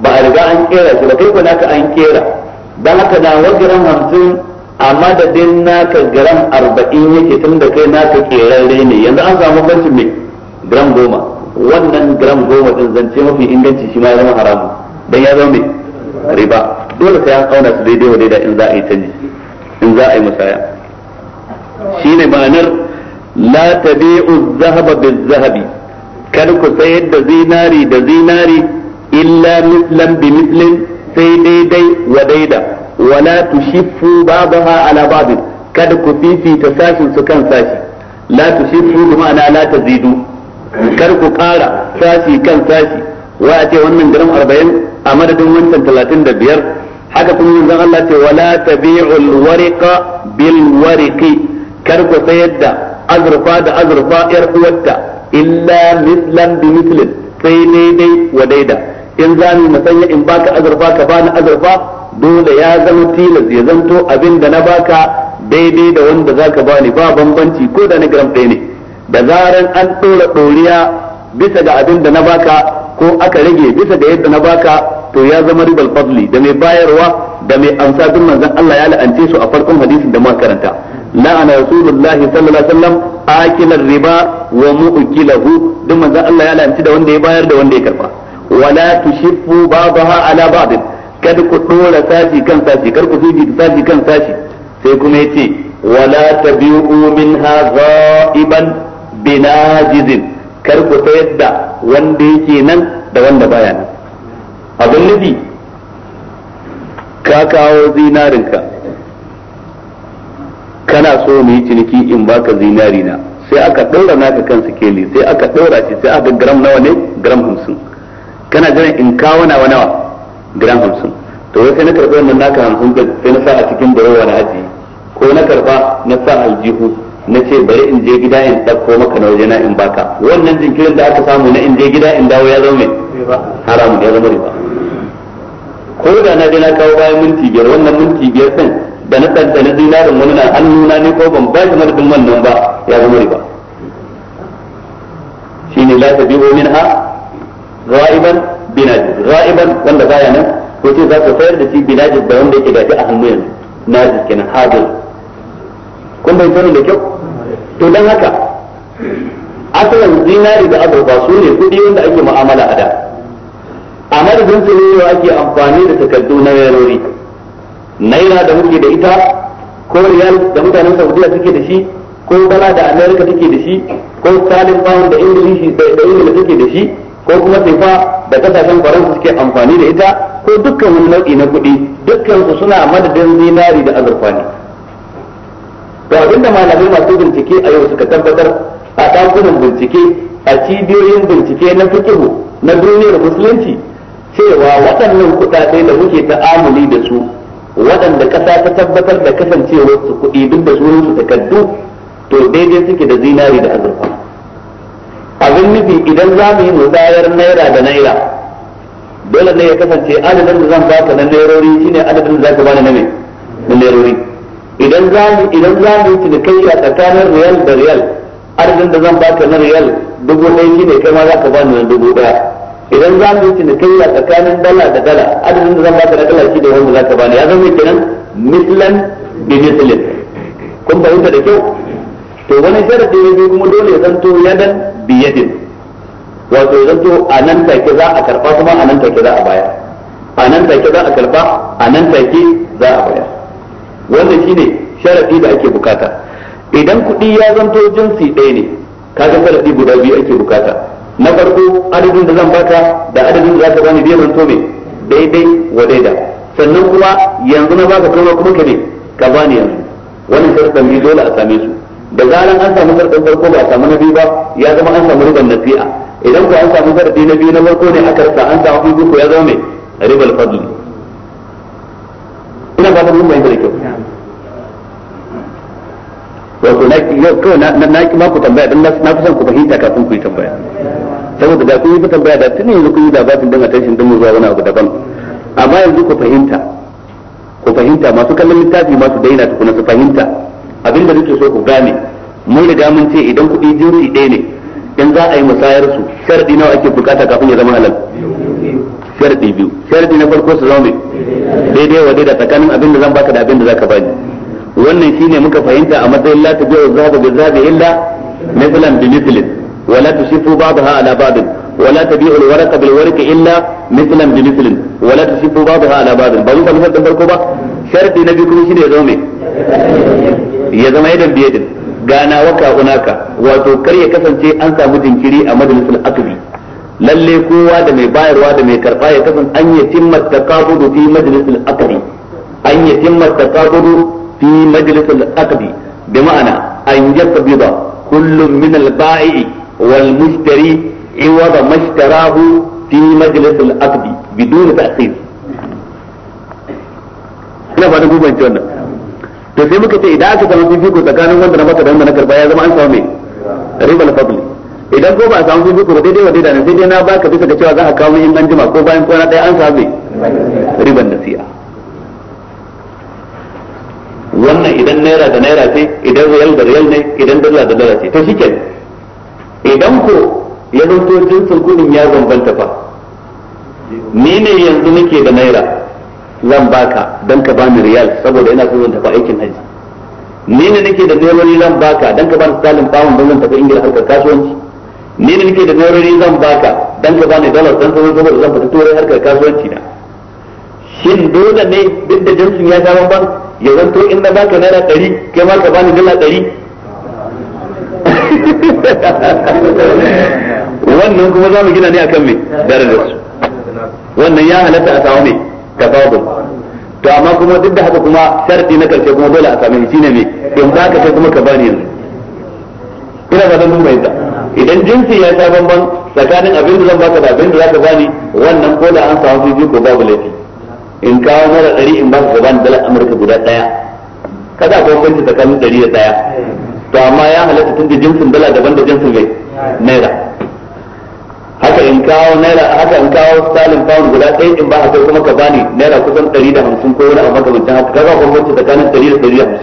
Speaker 1: ba a riga an kera shi ba kai ko naka an kera dan haka nawa gram hamsin a madadin naka gram arba'in yake tun da kai naka kerarre ne yanzu an samu bancin mai gram goma wannan gram goma din zance mafi inganci shi ma ya zama haramu dan ya zama mai riba dole sai an kauna su daidai wa daidai in za a yi canji in za a yi musaya shine ma'anar la tabi'u zahaba bil zahabi kar ku sayar da zinari da zinari illa mislan bi sai daidai wa daida wala tushiffu ba'daha ala ba'd kada ku fifita sashin su kan sashi la tushiffu bi ma'ana la tazidu kar ku ƙara sashi kan sashi wa a ce wannan gram 40 a madadin wancan 35 haka kuma yanzu Allah ce wala tabi'ul wariqa bil wariqi kar ku sayar da azurfa da azurfa yar uwarta illa mislan bi mislin sai daidai wa daida in za mu in baka azurfa ka bani azurfa dole ya zama tilas ya zanto abin da na baka daidai da wanda zaka bani ba bambanci ko da na gram ɗaya ne da zaran an ɗora ɗoriya bisa ga abin da na baka ko aka rage bisa ga yadda na baka to ya zama ribal fadli da mai bayarwa da mai amsa duk manzon Allah ya la'ance su a farkon hadisin da muka karanta لعن رسول الله صلى الله عليه وسلم آكل الربا ومؤكله دم من الله يعلم تدا karba باير دا وندي كربا ولا تشفوا بعضها على بعض kad ku dora sashi kan sashi kar ku fifi sashi kan sashi sai kuma yace wala tabi'u minha ghaiban binajizin kar ku sayar da wanda yake nan da wanda baya nan abin nufi ka kawo zinarinka kana so mu yi ciniki in baka zinari na sai aka ɗora naka kan sikeli sai aka ɗora shi sai aka gram nawa ne gram hamsin kana jiran in kawo nawa nawa gram hamsin to wai sai na karɓi wannan naka hamsin ɗin sai na sa a cikin barowa na aji ko na karɓa na sa aljihu na ce bari in je gida in ɗauko maka na waje na in baka wannan jinkirin da aka samu na in je gida in dawo ya zama haramun ya zama riba ko da na je na kawo bayan minti biyar wannan minti biyar ɗin da na da na dinarin wani na hannuna ne ko ban ba shi madadin wannan ba ya zama riba shine la min ha ra'iban binajis ra'iban wanda baya nan ko ce za ka fayar da shi binajis da wanda yake gaji a hannu yanzu najis kenan hadir kun bai sani da kyau to dan haka asalin zinari da azurfa su ne kudi wanda ake mu'amala a da a madadin su ne ake amfani da takardu na yarori naira da muke da ita ko riyal da mutanen saudiya suke da shi ko dala da america take da shi ko salin pound da ingilishi da ingila take da shi ko kuma sefa da kasashen faransa suke amfani da ita ko dukkan wani nau'i na kuɗi dukkan suna madadin zinari da azurfa ne to abinda malamai masu bincike a yau suka tabbatar a dakunan bincike a cibiyoyin bincike na fikihu na duniyar musulunci cewa waɗannan kuɗaɗe da muke ta'amuli da su waɗanda ƙasa ta tabbatar da kasancewar su kuɗi duk da sunan su takaddu to daidai suke da zinari da azurfa abin nufi idan za mu yi musayar naira da naira dole ne ya kasance adadin da zan baka na nairori shine adadin da ka bani na me na nairori idan za mu idan za mu yi cinikayya tsakanin riyal da riyal adadin da zan baka na riyal dubu ɗaya shine kai ma ka bani na dubu ɗaya idan za mu yi a tsakanin dala da dala adadin da zan ta na dala shi da wanda za ka bani ya zama kenan mislan bi mislin kun fahimta da kyau to wani sharadi ne biyu kuma dole zan to yadan bi yadin wato zan to a nan take za a karba kuma a nan take za a baya a nan take za a karba a nan take za a baya wannan shine sharadi da ake bukata idan kuɗi ya zanto jinsi ɗaya ne kaga sharadi guda biyu ake bukata na farko adadin da zan baka da adadin da zaka bani biyan to me daidai wa daida sannan kuma yanzu na baka kuma kuma ka ne ka bani yanzu wannan sharɗan biyu dole a same su da zaran an samu sharɗin farko ba a samu na biyu ba ya zama an samu riban nasi'a idan ko an samu sharɗi na biyu na farko ne aka rasa an samu biyu ko ya zama me ribal fadli ina fatan mun bai da kyau wato na kawai na ki ma ku tambaya dan na fi son ku fahimta kafin ku yi tambaya saboda da kun yi fitan baya da tun yanzu kun yi da batin dan attention din mu zuwa wani abu daban amma yanzu ku fahimta ku fahimta masu kallon littafi masu daina tukuna su fahimta abinda nake so ku gane mun riga mun ce idan kuɗi jinsi ɗaya ne in za a yi musayar su sharadi nawa ake bukata kafin ya zama halal sharadi biyu sharadi na farko su zama daidai wa daidai tsakanin abinda zan baka da abinda zaka bani wannan shine muka fahimta a matsayin la tabi'u zahaba bi zahabi illa mithlan bi mithlin ولا تشفوا بعضها على بعض ولا تبيع الورق بالورق إلا مثلا بمثل ولا تشفوا بعضها على بعض بلوغ المثل دنبر كوبا شرط نبيكم شين يزومي يزوم يدا بيد gana waka unaka wato kar ya kasance an samu jinkiri a majalisul akbi lalle kowa da mai bayarwa da mai karba ya kasan an yi timma takabudu fi majalisul akabi. an yi timma takabudu fi majalisul akbi bi ma'ana an yaqbida kullum min al-ba'i والمشتري عوض ما اشتراه في مجلس al بدون bidun ta'khir بعد ba da gubanci wannan to sai muka ce idan aka samu fifiko tsakanin wanda na maka da wanda na karba ya zama an samu mai ribal fadli idan ko ba a samu fifiko ba daidai wa daidai ne sai dai na baka bisa ga cewa za a kawo in an jima ko bayan kwana daya an samu riban siya wannan idan naira da naira ce idan riyal da riyal ne idan dala da dala ce to shikenan idan ko ya zanto jinsin kudin ya bambanta fa ni ne yanzu nake da naira zan baka don ka bani riyal saboda ina so zan tafi aikin haji ni ne nake da nerori zan baka don ka bani salin bawon don zan tafi ingila harkar kasuwanci ni ne nake da nerori zan baka don ka bani dollar dan saboda zan fita turai harkar kasuwanci na shin dole ne duk da jinsin ya sha ban ya zanto in na baka naira ɗari kai ma ka bani dala ɗari wannan kuma za mu gina ne akan me darajar su wannan ya halatta a samu me tafadul to amma kuma duk da haka kuma sharti na karshe kuma dole a samu shi ne me in ba ka kai kuma ka bani yanzu ina ba zan ta idan jinsi ya sha bamban tsakanin abin da zan baka da abin da ka bani wannan ko da an samu fifi ko babu laifi in kawo mara ɗari in ba ka bani dalar amurka guda ɗaya kada ko kwanci tsakanin ɗari da ɗaya to amma ya halatta tun da jinsin dala daban da jinsin mai naira haka in kawo naira haka in kawo salin pound guda ɗaya in ba haka kuma ka bani naira kusan da hamsin ko wani abu makamancin haka kaga bambanci tsakanin ɗari da da hamsin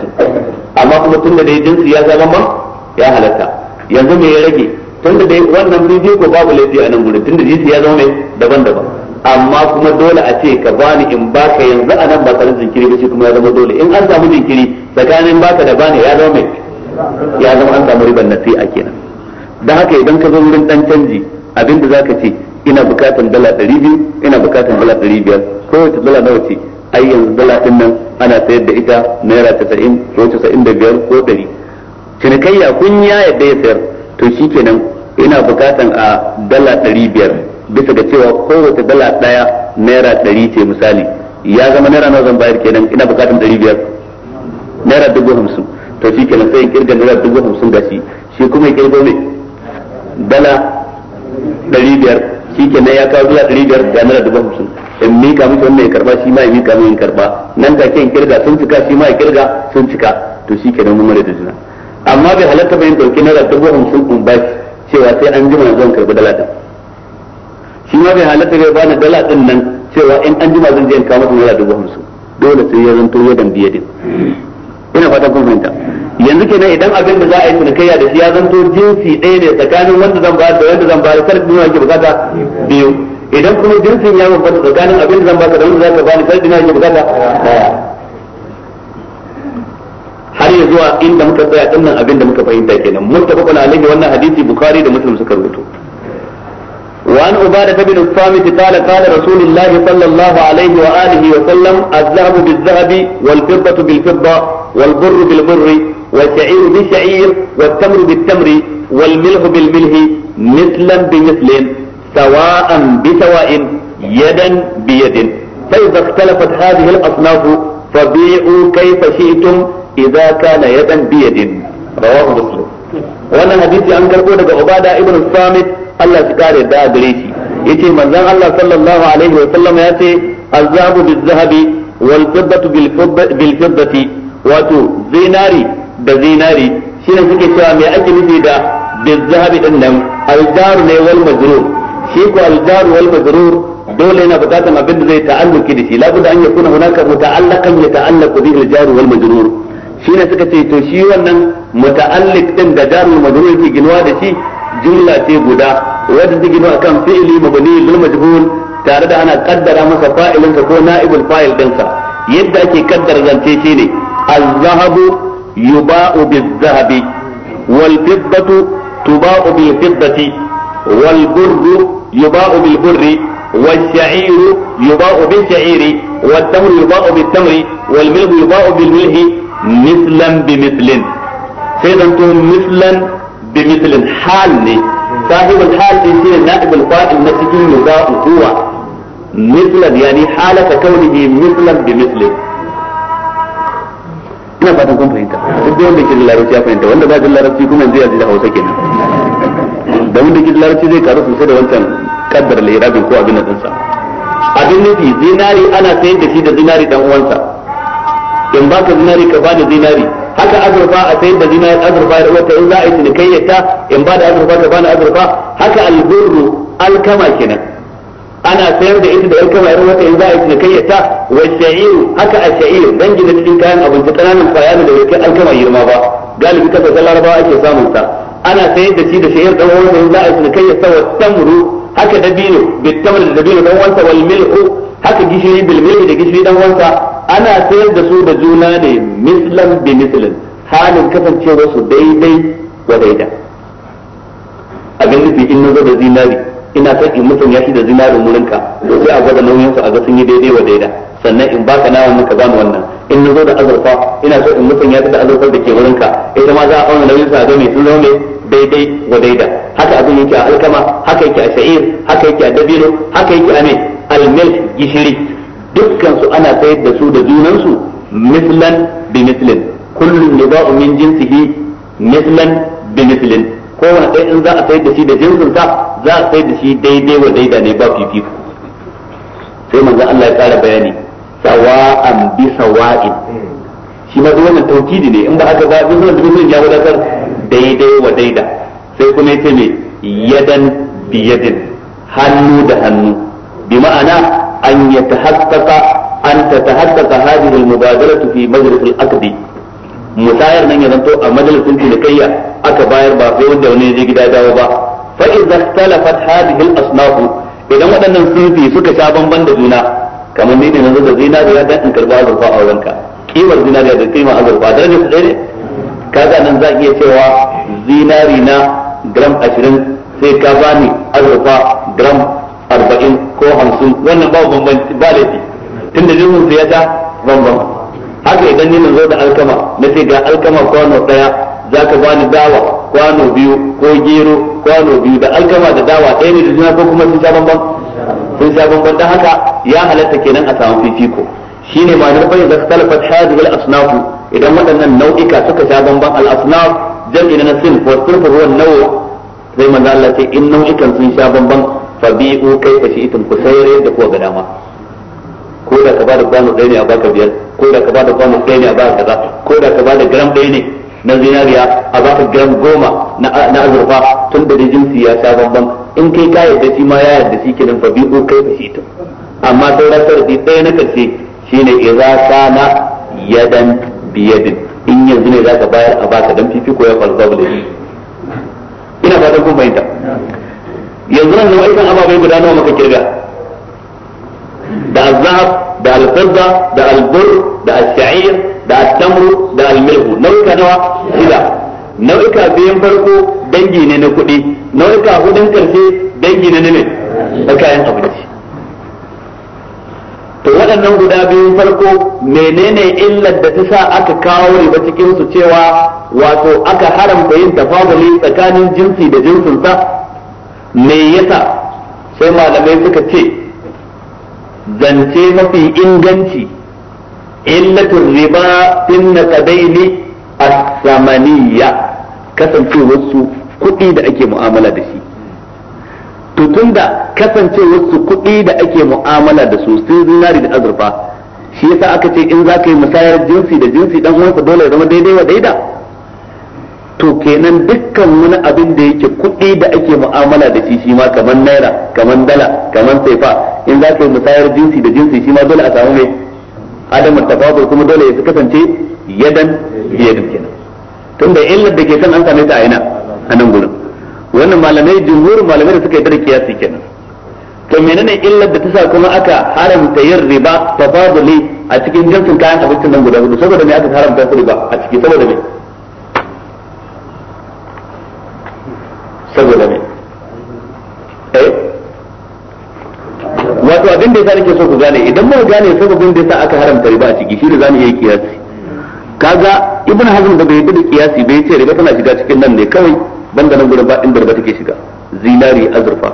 Speaker 1: amma kuma tun da dai jinsi ya zama ma ya halatta yanzu me ya rage tun da dai wannan bidiyo ko babu laifi a nan gurin tun da jinsi ya zama mai daban-daban amma kuma dole a ce ka bani in baka yanzu a nan ba tare da jinkiri ba shi kuma ya zama dole in an samu jinkiri tsakanin baka da bani ya zama mai ya zama an samu riban nasi'a kenan da haka idan ka zo wurin dan canji abinda zaka ce ina bukatan dala 200 ina bukatan dala 500 kowace dala nawa ce ai yanzu dala din nan ana sayar da ita naira 90 ko 95 ko 100 cinikayya kun ya yadda ya sayar to shikenan ina bukatan a dala 500 bisa ga cewa ko wace dala daya naira 100 ce misali ya zama naira nawa zan bayar kenan ina bukatan 500 naira 50 to shi kenan sai kirga naira dubu hamsin gashi shi kuma ya kirga mai dala ɗari biyar shi kenan ya kawo dala ɗari biyar ga naira dubu hamsin in mika musu wannan ya karba shi ma ya mika min karba nan da ke in kirga sun cika shi ma ya kirga sun cika to shi kenan mun mare da juna amma bai halatta bai dauki naira dubu hamsin in ba cewa sai an jima zan karbi dala din shi ma bai halatta bai bani dala din nan cewa in an jima zan je in kawo masa naira dubu hamsin dole sai ya zanto ya dambiye din ina fatan kun fahimta yanzu kenan idan abin da za a yi cinikayya da shi ya zanto jinsi ɗaya ne tsakanin wanda zan bayar da wanda zan bayar sarki ɗin yake bukata biyu idan kuma jinsin ya bambanta tsakanin abin da zan baka da wanda zaka bani sarki ɗin yake bukata har ya zuwa inda muka tsaya dinnan abin da muka fahimta kenan muttafaqun alaihi wannan hadisi bukhari da muslim suka rubuto وعن عبادة بن الصامت قال قال رسول الله صلى الله عليه وآله وسلم الذهب بالذهب والفضة بالفضة والبر بالبر والشعير بالشعير والتمر بالتمر والملح بالملح مثلا بمثل سواء بسواء يدا بيد فإذا اختلفت هذه الأصناف فبيعوا كيف شئتم إذا كان يدا بيد رواه مسلم وانا حديثي عن كربو عبادة بن الصامت Allah su kare da gare shi yace manzon Allah sallallahu alaihi wa sallam ya ce wal fiddatu bil fiddati wato zinari da zinari shine suke cewa me ake nufi da biz din nan al ne wal majrur shi ko al wal majrur dole yana bukatar abin da zai ta'alluki da shi an yakuna hunaka muta'allakan yata'allaqu bihi al wal majrur shine suka ce to shi wannan muta'alliq din da darul majrur yake ginuwa da shi jumla ce guda wadda ta gino akan fi'ili mabani lil majhul tare da ana kaddara masa fa'ilin sa ko na'ibul fa'il dinsa yadda ake kaddara zance shine al zahabu yuba'u biz-zahabi wal fiddatu tuba'u bil fiddati wal burru yuba'u bil burri والشعير يباع بالشعير والتمر يباع بالتمر والملح يباع بالملح مثلا بمثل sai zanto mislan بمثل mislin صاحب الحال sahibul نائب القائم shine na'ibul هو na يعني mudafun كونه mislan بمثل ina fatan kun fahimta duk da wanda ke da larabci ya fahimta wanda ba da larabci kuma yanzu ya ji da hausa kenan da wanda ke da larabci zai karu sosai da wancan kaddar lairabin ko abin nan sa abin nufi zinari ana sayar da shi da zinari dan uwansa in baka zinari ka bani zinari haka azurfa a sayar da zinari azurfa da wata in za a yi cinikayyar in ba da azurfa ka bani azurfa haka albirru alkama kenan ana sayar da ita da alkama irin wata in za a yi cinikayyar wa sha'iru haka a sha'iru dan gida cikin kayan abinci kananan kwaya da bai kai alkama girma ba galibi kasashen larabawa ake samun sa ana sayar da shi da sha'ir dan uwansa in za a yi cinikayyar wa tamru haka dabino bitamar da dabino dan uwansa wal milhu haka gishiri bil milhi da gishiri dan wansa. ana sayar da su da juna ne mislan bi mislan halin kasancewa su daidai wa daida abin nufi in nazo da zinari ina son in mutum ya shi da zinarin wurinka to sai a gwada nauyin su a ga sun yi daidai wa daida sannan in baka nawa muka zamu wannan in nazo da azurfa ina so in mutum ya da azurfar da ke wurinka ita ma za a auna nauyin su a ga me sun zama daidai wa daida haka abin yake a alkama haka yake a sha'ir haka yake a dabino haka yake a me al-milk gishiri dukkan su ana sayar da su da junan su mislan bi mislin kullun yuba'u min jinsihi mislan bi mislin kowane ɗaya in za a sayar da shi da jinsin sa za a sayar da shi daidai wa daida ne ba fifiko sai manzo Allah ya kara bayani an bi sawa'in shi ma wannan tawkidi ne in ba aka ba bisnan da bisnan ya wadatar daidai wa daida sai kuma yace me yadan bi yadin hannu da hannu bi ma'ana أن يتحقق أن تتحقق هذه المبادرة في مجلس العقد musayar nan ya zanto a majalisin cinikayya aka bayar ba sai wanda wani je gida dawo ba fa idza talafat hadhihi al-asnaf idan waɗannan sunfi suka sha bamban da juna kamar ni ne na da zinariya dan in karba azurfa a wurinka kimar zinariya da kima azurfa darajar su ɗaya kaga nan za iya cewa zinari na gram ashirin sai ka bani azurfa gram arba'in. ko hamsin wannan ba bambanci ba laifi tunda jihun su ya ta bambam haka idan ni na zo da alkama na ce ga alkama kwano daya za ka bani dawa kwano biyu ko gero kwano biyu da alkama da dawa ɗaya ne da juna ko kuma sun sha bambam sun sha bambam don haka ya halatta kenan a samu fifiko shi shine ma'anar bayan da talafat hadhihi al-asnaf idan waɗannan nau'ika suka sha bambam al-asnaf jam'i na sin wa sirfu huwa nawa sai manzo Allah ce in nau'ikan sun sha bambam fabi'u kai fa shi itin ku sayar yadda kuwa ga dama ko da ka bada kwano ɗaya ne a baka biyar ko da ka bada kwano ɗaya ne a baka kaza ko da ka bada gram ɗaya ne na zinariya a baka gram goma na azurfa tun da jinsi ya sha bambam in kai ka yarda shi ma ya yarda shi kenan fabi'u kai fa shi itin amma sauran sarfi ɗaya na karshe shine idza kana yadan biyadin in yanzu ne zaka bayar a baka dan fifiko ya falzabu da ina fatan kun fahimta yanzu nan zama idan ababai guda nawa maka kirga da azhab da al da albur, da al da al da almilhu milhu nawa shida nau'ika biyan farko dangi ne na kuɗi nau'ika hudun karshe dangi ne na ne na kayan abinci to waɗannan guda biyun farko menene illar da ta sa aka kawo riba cikin su cewa wato aka haramta yin tafawuli tsakanin jinsi da jinsinsa me yasa sai malamai suka ce zance mafi inganci illatin riba na naqadaini a samaniya kasance wasu kuɗi da ake mu'amala da shi to tunda kasance kuɗi da ake mu'amala da su sun zinari da azurfa shi yasa aka ce in za ka yi musayar jinsi da jinsi dan uwansa dole ya zama daidai wa daida to kenan dukkan wani abin da yake kuɗi da ake mu'amala da shi shi ma kamar naira kamar dala kamar saifa in za ka yi musayar jinsi da jinsi shi ma dole a samu mai adamar tafadul kuma dole ya kasance yadan biyadan kenan da illar da ke kan an same ta a ina a nan gudun wannan malamai jumhurin malamai da suka yi dare kiyasi kenan to menene illar da ta sa kuma aka haramta yin riba tafaduli a cikin jinsin kayan abincin nan guda hudu saboda me aka haramta su riba a ciki saboda me da yasa nake so ku gane idan muka gane sababin da yasa aka haramta riba a ciki shi da mu yi kiyasi kaga ibn hazm da bai yi da kiyasi bai ce riba tana shiga cikin nan ne kawai banda nan gurin ba da riba take shiga zinari azurfa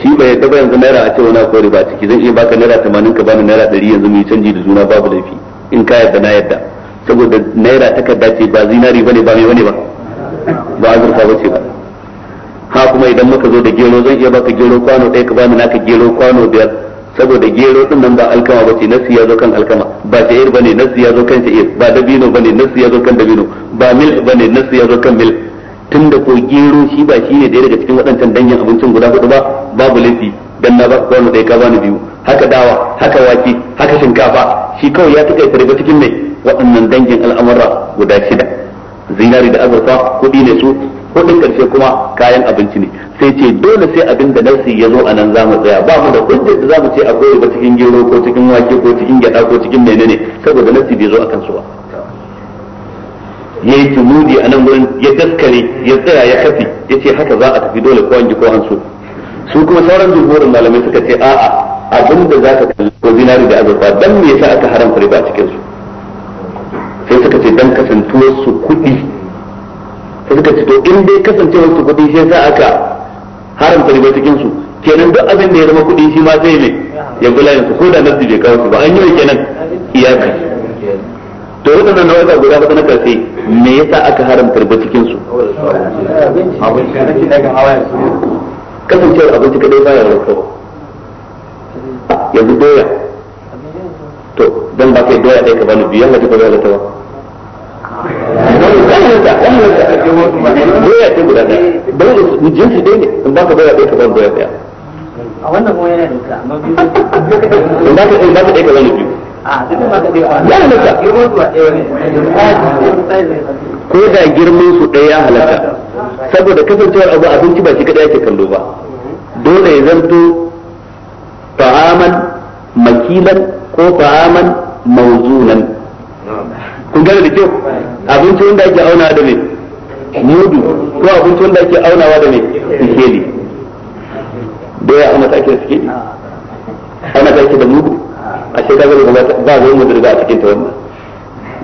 Speaker 1: shi bai yadda ba yanzu naira a ce wani akwai riba ciki zan iya baka naira tamanin ka bani naira ɗari yanzu mu yi canji da juna babu laifi in ka yadda na yadda saboda naira takarda ce ba zinari bane ba mai wani ba ba azurfa ba ce ba ha kuma idan muka zo da gero zan iya baka gero kwano ɗaya ka bani naka gero kwano biyar saboda gero din nan ba alkama ba ce nasi ya zo kan alkama ba sha'ir bane nasi ya zo kan sha'ir ba dabino bane nasi ya zo kan dabino ba mil bane nasi ya zo kan mil tunda ko gero shi ba shi ne daga cikin waɗancan danyen abincin guda hudu ba babu laifi dan na ba kwano ɗaya kaba ni biyu haka dawa haka wake haka shinkafa shi kawai ya taƙaita ba cikin mai waɗannan dangin al'amura guda shida zinari da azurfa kuɗi ne su kudin karshe kuma kayan abinci ne sai ce dole sai abin da nasi ya zo a nan za mu tsaya ba mu da kunje da za mu ce akwai ba cikin gero ko cikin wake ko cikin gyada ko cikin menene saboda nasi bai zo akan su ba yayi tunudi a nan gurin ya daskare ya tsaya ya kafi ya ce haka za a tafi dole ko an ji ko an so su kuma sauran jumhurin malamai suka ce a'a abin da za ka kalli ko zinari da azurfa dan me yasa aka haramta riba cikin su sai suka ce dan kasantuwar su kuɗi sai suka ce to in dai kasancewar su kuɗi sai sa aka haramta riba cikin su kenan duk abin da ya zama kuɗi shi ma sai ne ya gula yanzu ko da nasu bai kawo su ba an yi kenan iyaka to waɗannan nau'uka guda ba na karshe me yasa aka haramta riba cikin su kasancewar abinci kadai baya rarrafa yanzu doya to dan ba kai doya ɗaya ka bani biyan ka ta ba ta ba halatta ya halatta guda ɗaya don jinsi ne in baka doya ɗaya ka ban doya ɗaya
Speaker 2: a wannan kuma yana da amma biyu in baka ɗaya baka ɗaya ka ban biyu
Speaker 3: ko da girman su ɗaya ya halatta saboda
Speaker 1: kasancewar abu abinci ba shi kaɗai ake kallo ba dole ya zanto ta'aman makilan ko ta'aman mauzunan kun gane da kyau abinci wanda ake aunawa da me mudu ko abinci wanda ake aunawa da me sikeli doya ana take da sikeli ana take da mudu a shekarar da ba zai mu dirga a cikin ta wannan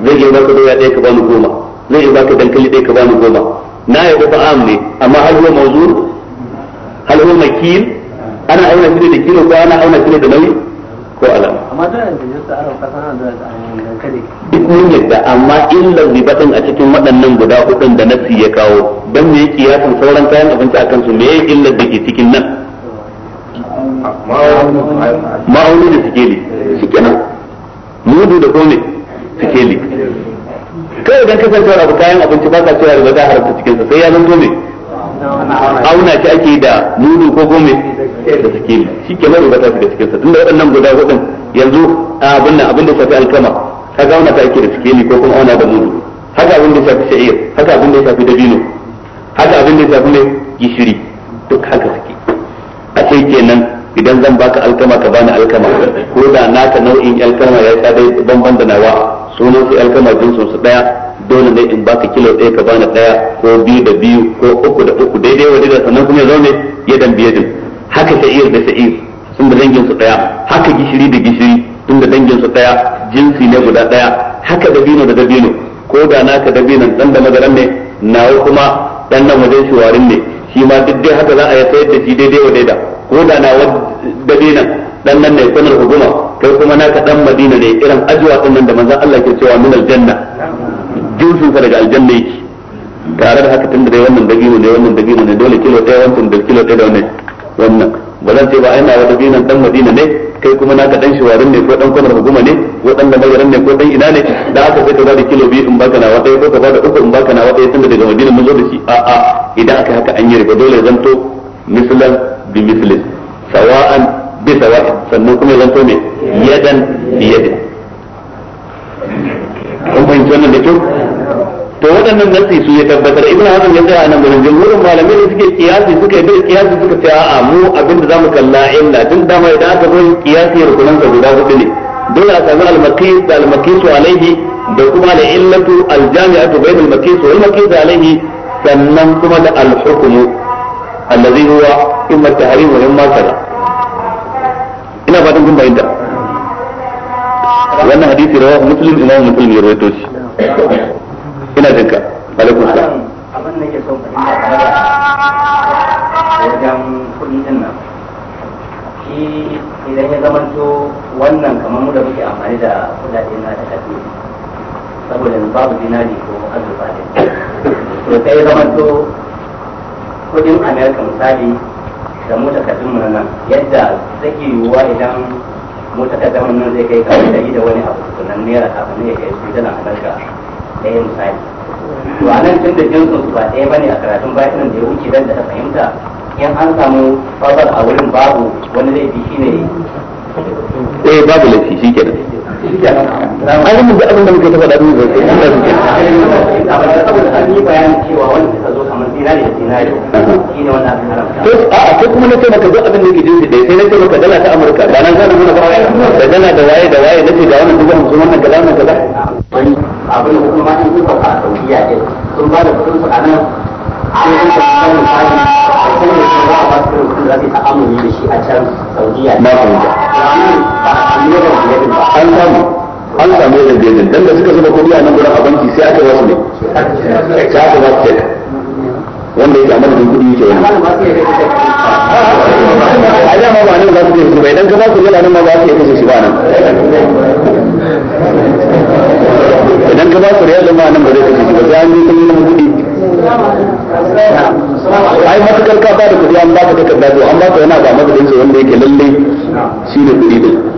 Speaker 1: zai yi baka doya ɗaya ka ba mu goma zai yi baka dankali ɗaya ka ba mu goma na ya ba am ne amma har huwa mawzur hal huwa makil ana auna shi da kilo ko ana auna shi da nauyi ko alama amma yadda amma illar riba din a cikin waɗannan guda hudun da nafsi ya kawo don me yake ya san sauran kayan abinci a kansu me yake illar da ke cikin nan ma'auni da sikeli su nan mudu da kome sikeli kai idan ka san abu kayan abinci ba ka cewa riba ta haramta cikin sa sai ya zan me auna shi ake da mudu ko gome da sikeli shi kenan nan riba ta da cikin sa tunda waɗannan guda hudun yanzu abin nan abin da shafi alkama kaga wannan ta ake da sikeli ko kuma auna da mudu haka abin da shafi sha'ir haka abin da shafi dabino haka abin da shafi ne gishiri duk haka suke a sai kenan idan zan baka alkama ka bani alkama ko da naka nau'in alkama ya ta dai banban da nawa sunan su alkama jinsun su daya dole ne in baka kilo ɗaya ka bani daya ko biyu da biyu ko uku da uku daidai wa da sannan kuma ya zaune ya dan biye din haka sha'ir da sha'ir tunda dangin su daya haka gishiri da gishiri tunda dangin su daya jinsi ne guda daya haka dabino da dabino ko da naka dabinon dan da madaran ne nawa kuma dan nan wajen shuwarin ne shi ma duk dai haka za a yi sayar da shi daidai wa daida ko da nawa dabinon dan nan ne sanar hukuma kai kuma naka dan madina ne irin ajiwa din nan da manzon Allah ke cewa min aljanna jinsin sa daga aljanna yake tare da haka tunda dai wannan dabino ne wannan dabino ne dole kilo ɗaya wancan da kilo ɗaya da wannan wannan ba zan ce ba ina wata dinan dan madina ne kai kuma naka dan shawarin ne ko dan kwamar hukuma ne ko dan lamarin ne ko dan ina ne da aka sai ka bada kilo biyu in baka na wata ko ka bada uku in baka na wata tunda daga madina mun zo da shi a a idan aka haka an yi riba dole zan to mislan bi mislin sawa'an bi sawa'in sannan kuma zan to me yadan bi yadin kun fahimci wannan da kyau to waɗannan nasi su ya tabbatar ibn hazm ya tsaya nan gurin jumhurin malamai ne suke kiyasi suka yi kiyasi suka ce a'a mu abin da zamu kalla illa tun dama idan aka zo kiyasi rukunan ka guda hudu ne dole a sami al-maqis da al-maqis alaihi da kuma da illatu al-jami'atu bayn al-maqis wal maqis alaihi sannan kuma da al-hukmu alladhi huwa imma tahrim wa imma kaza ina fatan kun bayyana wannan hadisi rawahu muslim imam muslim ya rawaito shi ina jinka alaikum salam abin
Speaker 2: da ke son fahimta tare da wajen kudi din nan shi idan ya zamanto wannan kamar mu da muke amfani da kudaden na ta kafi saboda babu dinari ko azurfa ne to sai ya zamanto kudin amerika misali da mu takardun mu nan yadda zai yiwuwa idan mu zaman nan zai kai kamar da wani abu sannan naira kafin ya kai su dala amerika da yin fari to a nan tun da jinsin su ba ɗaya bane a karatun nan da ya wuce dan da ta fahimta in an samu fasal a wurin babu wani laifi shine
Speaker 1: eh babu laifi shikenan mun abin da muke tafa da abin da muke yi da suke. Abin da saboda an yi bayanin
Speaker 2: cewa da abin zo muke tafa da zinari
Speaker 1: a ko kuma na ce maka abin da yake jinsi sai na ce maka ta amurka ba nan ba da dala da waye da waye na ce wannan dubu hamsin wannan wannan da kuma
Speaker 2: ma kuka a saudiya ɗin sun ba a nan an yi a
Speaker 1: kan da su kuɗin da shi a can saudiya fahimta a da ba an samu an samu da biyar dan da suka zuba kuɗi a nan gurin a banki sai aka wasu ne ta aka wasu ne wanda ya samu da kuɗi ke yi a dama ba nan za su yi su bai dan ka ba su yana nan ma ba su iya kashe shi ba nan idan ka ba su riyal ma nan ba zai kashe shi ba sai an je sun yi
Speaker 2: kuɗi ai matukar ka ba da kudi an ba ka takarda to an ba ka yana ba madadin sa wanda yake lalle
Speaker 1: shi ne kuɗi din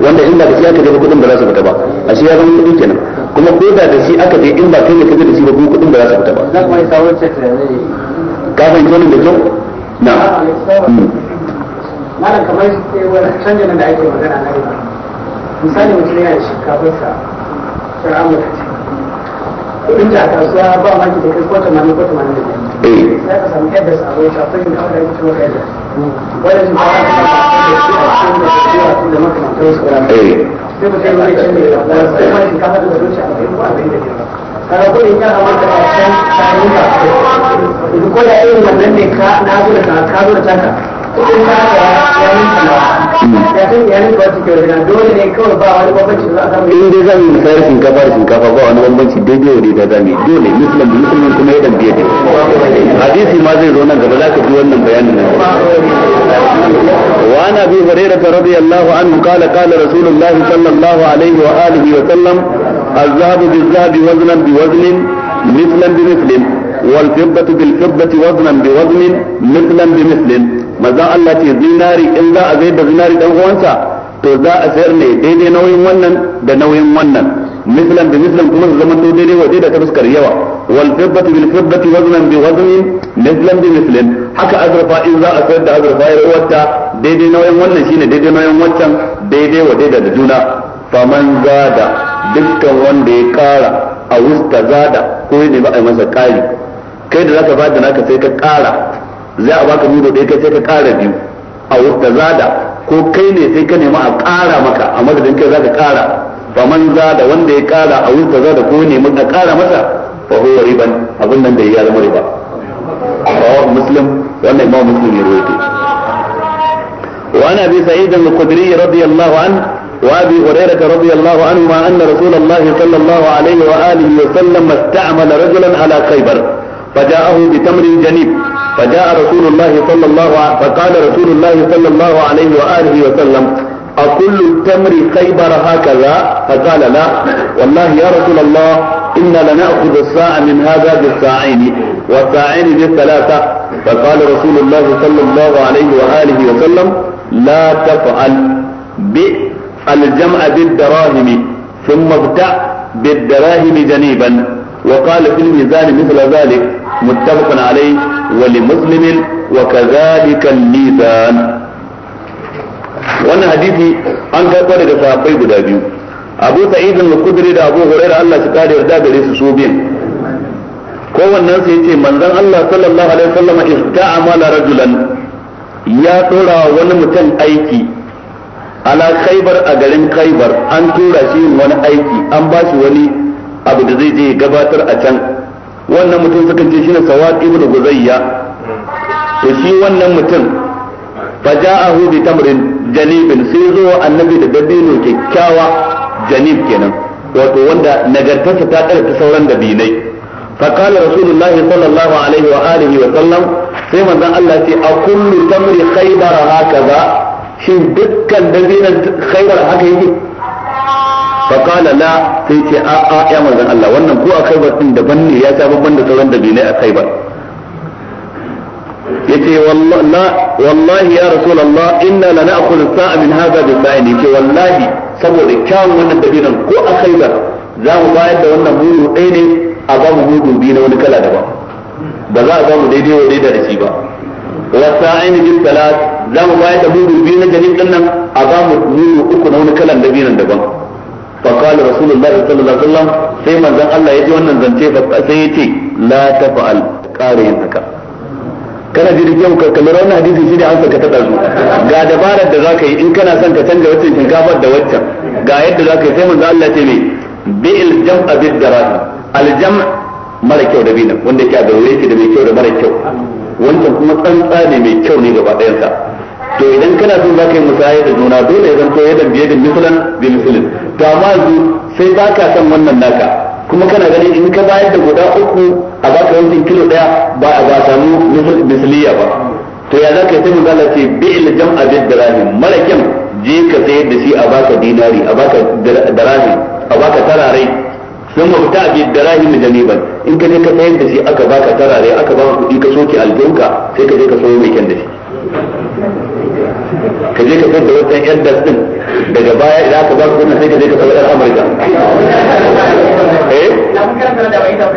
Speaker 1: wanda in ba da shi aka je ba kudin ba za su fita ba a shi ya zama kudi kenan kuma ko da da shi aka je in ba kai ne kaje da shi ba kuma kudin ba za su fita ba ka fahimci wannan da kyau na
Speaker 2: malam kamar hmm. wani canja da ake magana na riba misali mutum yana da shinkafarsa shara amurka kudin da kasuwa ba ma ki da kai da eh. ka samu yadda sa ta fahimta da yadda ba ka da shi a cikin da shi a cikin da kura sai da sai ma shi da zuciya a ko a da kada ya kamata a tarihi ko da irin wannan ne ka na da ka taka kudin naka yayin sana'a da sun yayin kuwa cikin rina dole ne kawai ba wani bambanci
Speaker 1: za a samu in dai zan yi sayar shinkafa da shinkafa ba wani bambanci daidai da zan yi dole musulun da musulun kuma ya dambiye da hadisi ma zai zo nan gaba za ka ji wannan bayanin nan وعن ابي هريره رضي الله عنه قال قال رسول الله صلى الله عليه واله وسلم الذهب بالذهب وزنا بوزن مثلا بمثل والفضه بالفضه وزنا بوزن مثلا بمثل manzon Allah ce zinari in za a zai da zinari dan uwansa to za a sayar ne daidai nauyin wannan da nauyin wannan mislan da mislan kuma su zama to daidai wa daidai ta fuskar yawa wal fiddatu bil fiddati waznan bi wazni mislan bi mislin haka azrafa in za a sayar da azrafa ya uwarta daidai nauyin wannan shine daidai nauyin wancan daidai wa daidai da juna faman zada dukkan wanda ya kara a wusta zada ko ne ba a yi masa kari kai da zaka bada naka sai ka kara za a baka mudu ɗaya kai sai ka ƙara biyu a wuta zada ko kai ne sai ka nema a ƙara maka a madadin kai za ka ƙara man zada wanda ya ƙara a wuta zada ko nemi a ƙara masa fa huwa riban abin nan da ya zama riba rawahu muslim wannan imam muslim ya rawaito وعن ابي سعيد الخدري رضي الله عنه وابي هريره رضي الله عنهما ان رسول الله صلى الله عليه واله وسلم استعمل رجلا على خيبر فجاءه بتمر جنيب فجاء رسول الله صلى الله عليه فقال رسول الله صلى الله عليه وآله وسلم أكل التمر خيبر هكذا فقال لا والله يا رسول الله إنا لنأخذ الساعة من هذا بالساعين والساعين بالثلاثة فقال رسول الله صلى الله عليه وآله وسلم لا تفعل بالجمع بالدراهم ثم ابتع بالدراهم جنيبا وقال في الميزان مثل ذلك متفق عليه ولمسلم وكذلك الميزان wannan hadisi an karɓo daga sahabbai guda biyu abu sa'id al-khudri da abu hurairah Allah shi kare yarda gare su su biyan kowannen su yace manzon Allah sallallahu alaihi wasallam ista'amala rajulan ya tura wani mutum aiki ala khaybar a garin khaybar an tura shi wani aiki an ba shi wani abu da zai je gabatar a can wannan mutum sukan ce shi ne sawad ibnu guzayya to shi wannan mutum faja'ahu bi tamrin janibin sai zo annabi da dabino kyakkyawa janib kenan wato wanda nagartarsa ta tsara ta sauran dabinai فقال رسول الله صلى الله عليه وآله وسلم sai manzon Allah ce a kullu tamri khaybara hakaza shin dukkan dabinan khaybar haka yake faƙala la sai ce a a ya manzan Allah wannan ko a khaibar ɗin daban ne ya sha babban da sauran da ne a ya ce wallahi ya rasulullah inna la na'khudhu sa'a min hadha bi sa'in ke wallahi saboda kyawun wannan dabinan ko a khaibar za mu bayar da wannan mudu ɗaya ne a ba mu mudu biyu na wani kala daban ba za a ba mu daidai wa daidai da shi ba wa sa'in bi salat za mu bayar da mudu biyu na janin nan a ba mu mudu uku na wani kalan dabinan daban fa qala rasulullah sallallahu alaihi wasallam sai manzon Allah ya ji wannan zance fa sai ya ce la tafal kare yin haka kana ji da kyau ka kalli wannan hadisi ne an saka ta dazu ga dabarar da zaka yi in kana son ka canja waccan shinkafar da waccan ga yadda zaka yi sai manzon Allah ce me bi'il jam'a bid da al-jam' mara kyau da bina wanda ke a gaure yake da mai kyau da mara kyau wancan kuma tsantsa ne mai kyau ne gaba ɗayansa to idan kana son za ka yi musaya da juna dole ya zanto ya dambiye da misulan bi musulun. ga ma sai ba ka san wannan naka kuma kana ganin in ka bayar da guda uku a baka yankin kilo daya ba a ba samu misiliya ba to ya za ka yi ta Allah ce bi'il jam'a bid dirahim malakin je ka sayar da shi a baka dinari a baka dirahim a baka tarare sun mafita bi dirahim janiban in ka je ka sayar da shi aka baka tarare aka baka kuɗi ka soke aljinka sai ka je ka sayo mai kyan da shi ka je ka kai da wasan yan das din daga baya idan aka ba su wannan sai ka je ka kai yan amurka
Speaker 2: eh yawa na kamar yaya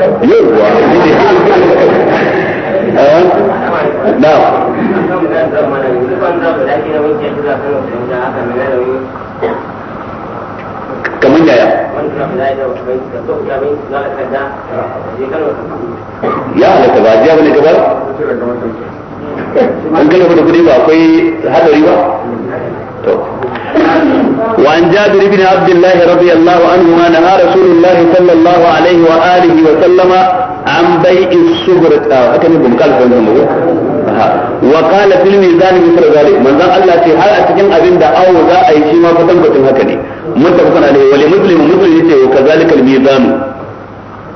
Speaker 2: ya halatta ba jiya bane gabar
Speaker 1: an gane da kuɗi ba akwai hadari ba to وعن جابر بن عبد الله رضي الله عنهما نهى رسول الله صلى الله عليه وآله وسلم عن بيع السبرة وقال في الميزان مثل ذلك من ذا الله في هل أتكن أبن دا أو ذا أي شيء ما فتن فتن هكذا متفق عليه ولمسلم مسلم يتي وكذلك الميزان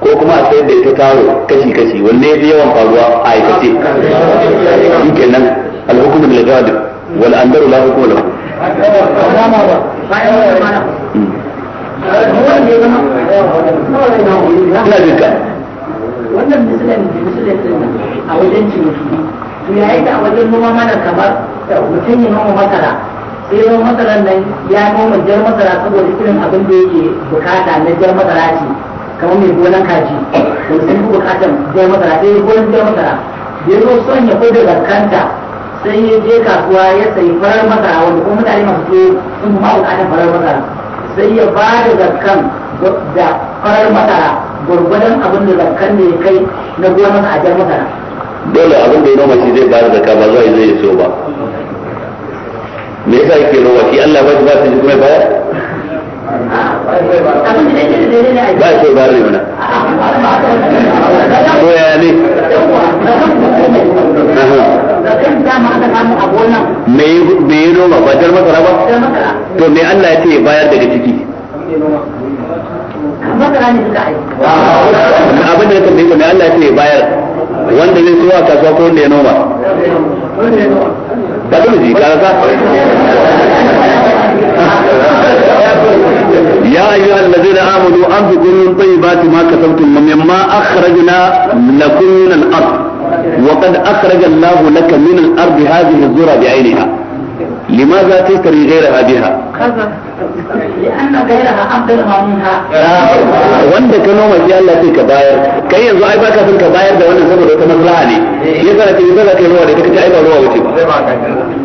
Speaker 1: ko kuma a sayar da ita taro kashi kashi wanne ya fi yawan faruwa a aikace shi kenan alhukumu bil ghalib wal andaru la hukuma
Speaker 2: lahu ina jinka wannan misalin misalin a wajen ciniki to yayin da a wajen noma mana kamar eh, mutum yi noma masara sai noma masaran nan ya noma jar masara saboda irin abin da yake bukata na jar masara ce kamar mai gonan kaji da sun fi bukatar jiyar masara ɗaya eh, gonan jiyar masara da ya son ya kudu zakanta sai ya je kasuwa ya sayi farar masara wanda kuma mutane masu so sun fi bukatar farar masara sai ya ba da zakkan da farar masara gwargwadon abin da zakkan ne ya kai na gonan a jiyar masara
Speaker 1: dole abin da ya noma shi zai bayar zakka ba zai zai so ba me yasa yake noma shi Allah ba shi ba shi kuma bayar
Speaker 3: ba shi ba ne mana ko ya
Speaker 1: ne me yi noma ba jar masara ba to me Allah ya ce bayar daga ciki abin da ya tambaye ka me Allah ya ce bayar wanda zai so kasuwa ko wanda ya noma ka ji karasa يا أيها الذين آمنوا أنفقوا من طيبات ما كسبتم مما أخرجنا لكم من الأرض وقد أخرج الله لك من الأرض هذه الذرة بعينها لماذا تشتري غيرها بها؟
Speaker 3: لأن غيرها أقدرها منها. وأنت كنوم في ألا كباير، كي ينزو أي باكا في الكباير ده وأنا سبب لك مزرعني، يزرع تي يزرع تي هو اللي تكتب أي باكا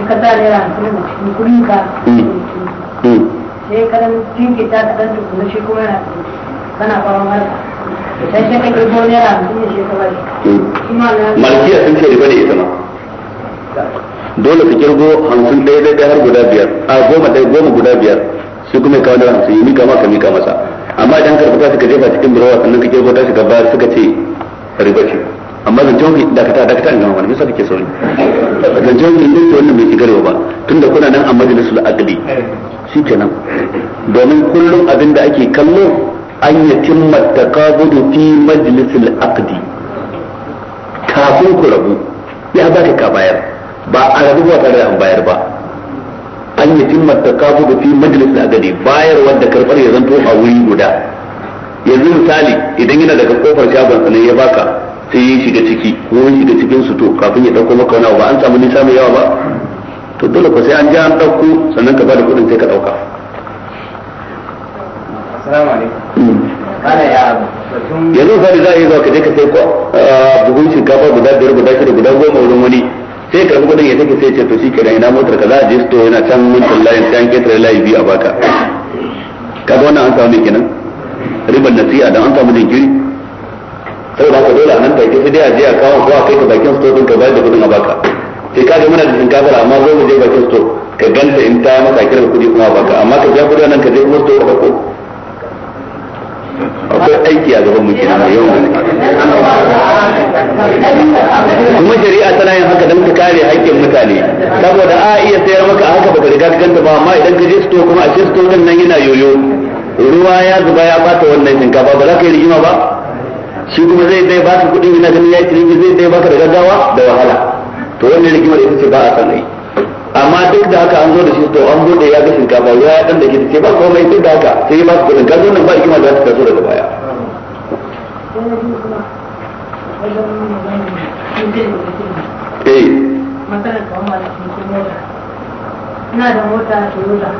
Speaker 2: sai ka sa naira hamsin da kuɗin ka mm. Mm. sai ka dan jinkita ka dan tukuna shi kuma yana kana fara mata idan sai ka ɗauko naira hamsin da shi ka bari mm. malkiya sun ce riba ne ita ma
Speaker 1: dole hamsin ɗaya ɗaya har guda biyar a goma ɗaya goma guda biyar kuma hamsin yi mika maka mika masa amma idan ta suka jefa cikin sannan ka kirgo ta shiga ba suka ce riba ce amma zan tauhi dakata dakata in gama wani misa ke sauri zan tauhi din da wannan bai shigarwa ba tunda kuna nan a majalisul aqli nan domin kullum abin da ake kallo an yatimma taqabudu fi majlisul aqdi kafin ku rabu ya ba ka bayar ba a rabu ba tare da an bayar ba an yatimma taqabudu fi majlisul aqdi bayar wanda karbar ya zanto a wuri guda yanzu misali idan yana daga kofar shagon sanan ya baka sai ya shiga ciki ko ya shiga cikin su to kafin ya dauko maka wani ba an samu nisa mai yawa ba to dole ko sai an ji an dauko sannan ka bada kudin sai ka dauka yanzu fa da za a yi zuwa ka je ka sai ko buhun shinkafa guda biyar guda shida guda goma wurin wani sai karbi kudin ya take sai ce to da ina motar ka za a je to yana can mintin layin sai an ketare layi biyu a baka kaga wannan an samu ne kenan ribar siya dan an samu jinkiri saboda haka dole a nan take su dai a je a kawo ko a kai ka bakin store din ka bayar da kudin a baka sai ka ga muna da shinkafar amma zo mu je bakin store ka ganta in ta masa kira kudi kuma a baka amma ka biya kudi nan ka je kuma store ka bako akwai aiki a gaban mu kenan mai yau kuma shari'a tana yin haka don ka kare haƙƙin mutane saboda a iya sayar maka a haka baka riga ka ganta ba amma idan ka je store kuma a cikin store din nan yana yoyo ruwa ya zuba ya bata wannan shinkafa ba za ka yi rigima ba shi kuma zai bai baka kuɗin ina ganin ya ciniki zai bai baka da gaggawa da wahala to wannan rigima da yake ba a san ai amma duk da haka an zo da shi to an bude ya ga shinkafa ya dan da kike ba komai duk da haka sai ba su kuɗin ka nan ba rigima da ta zo daga baya
Speaker 2: eh matsalar da mota ina da mota Toyota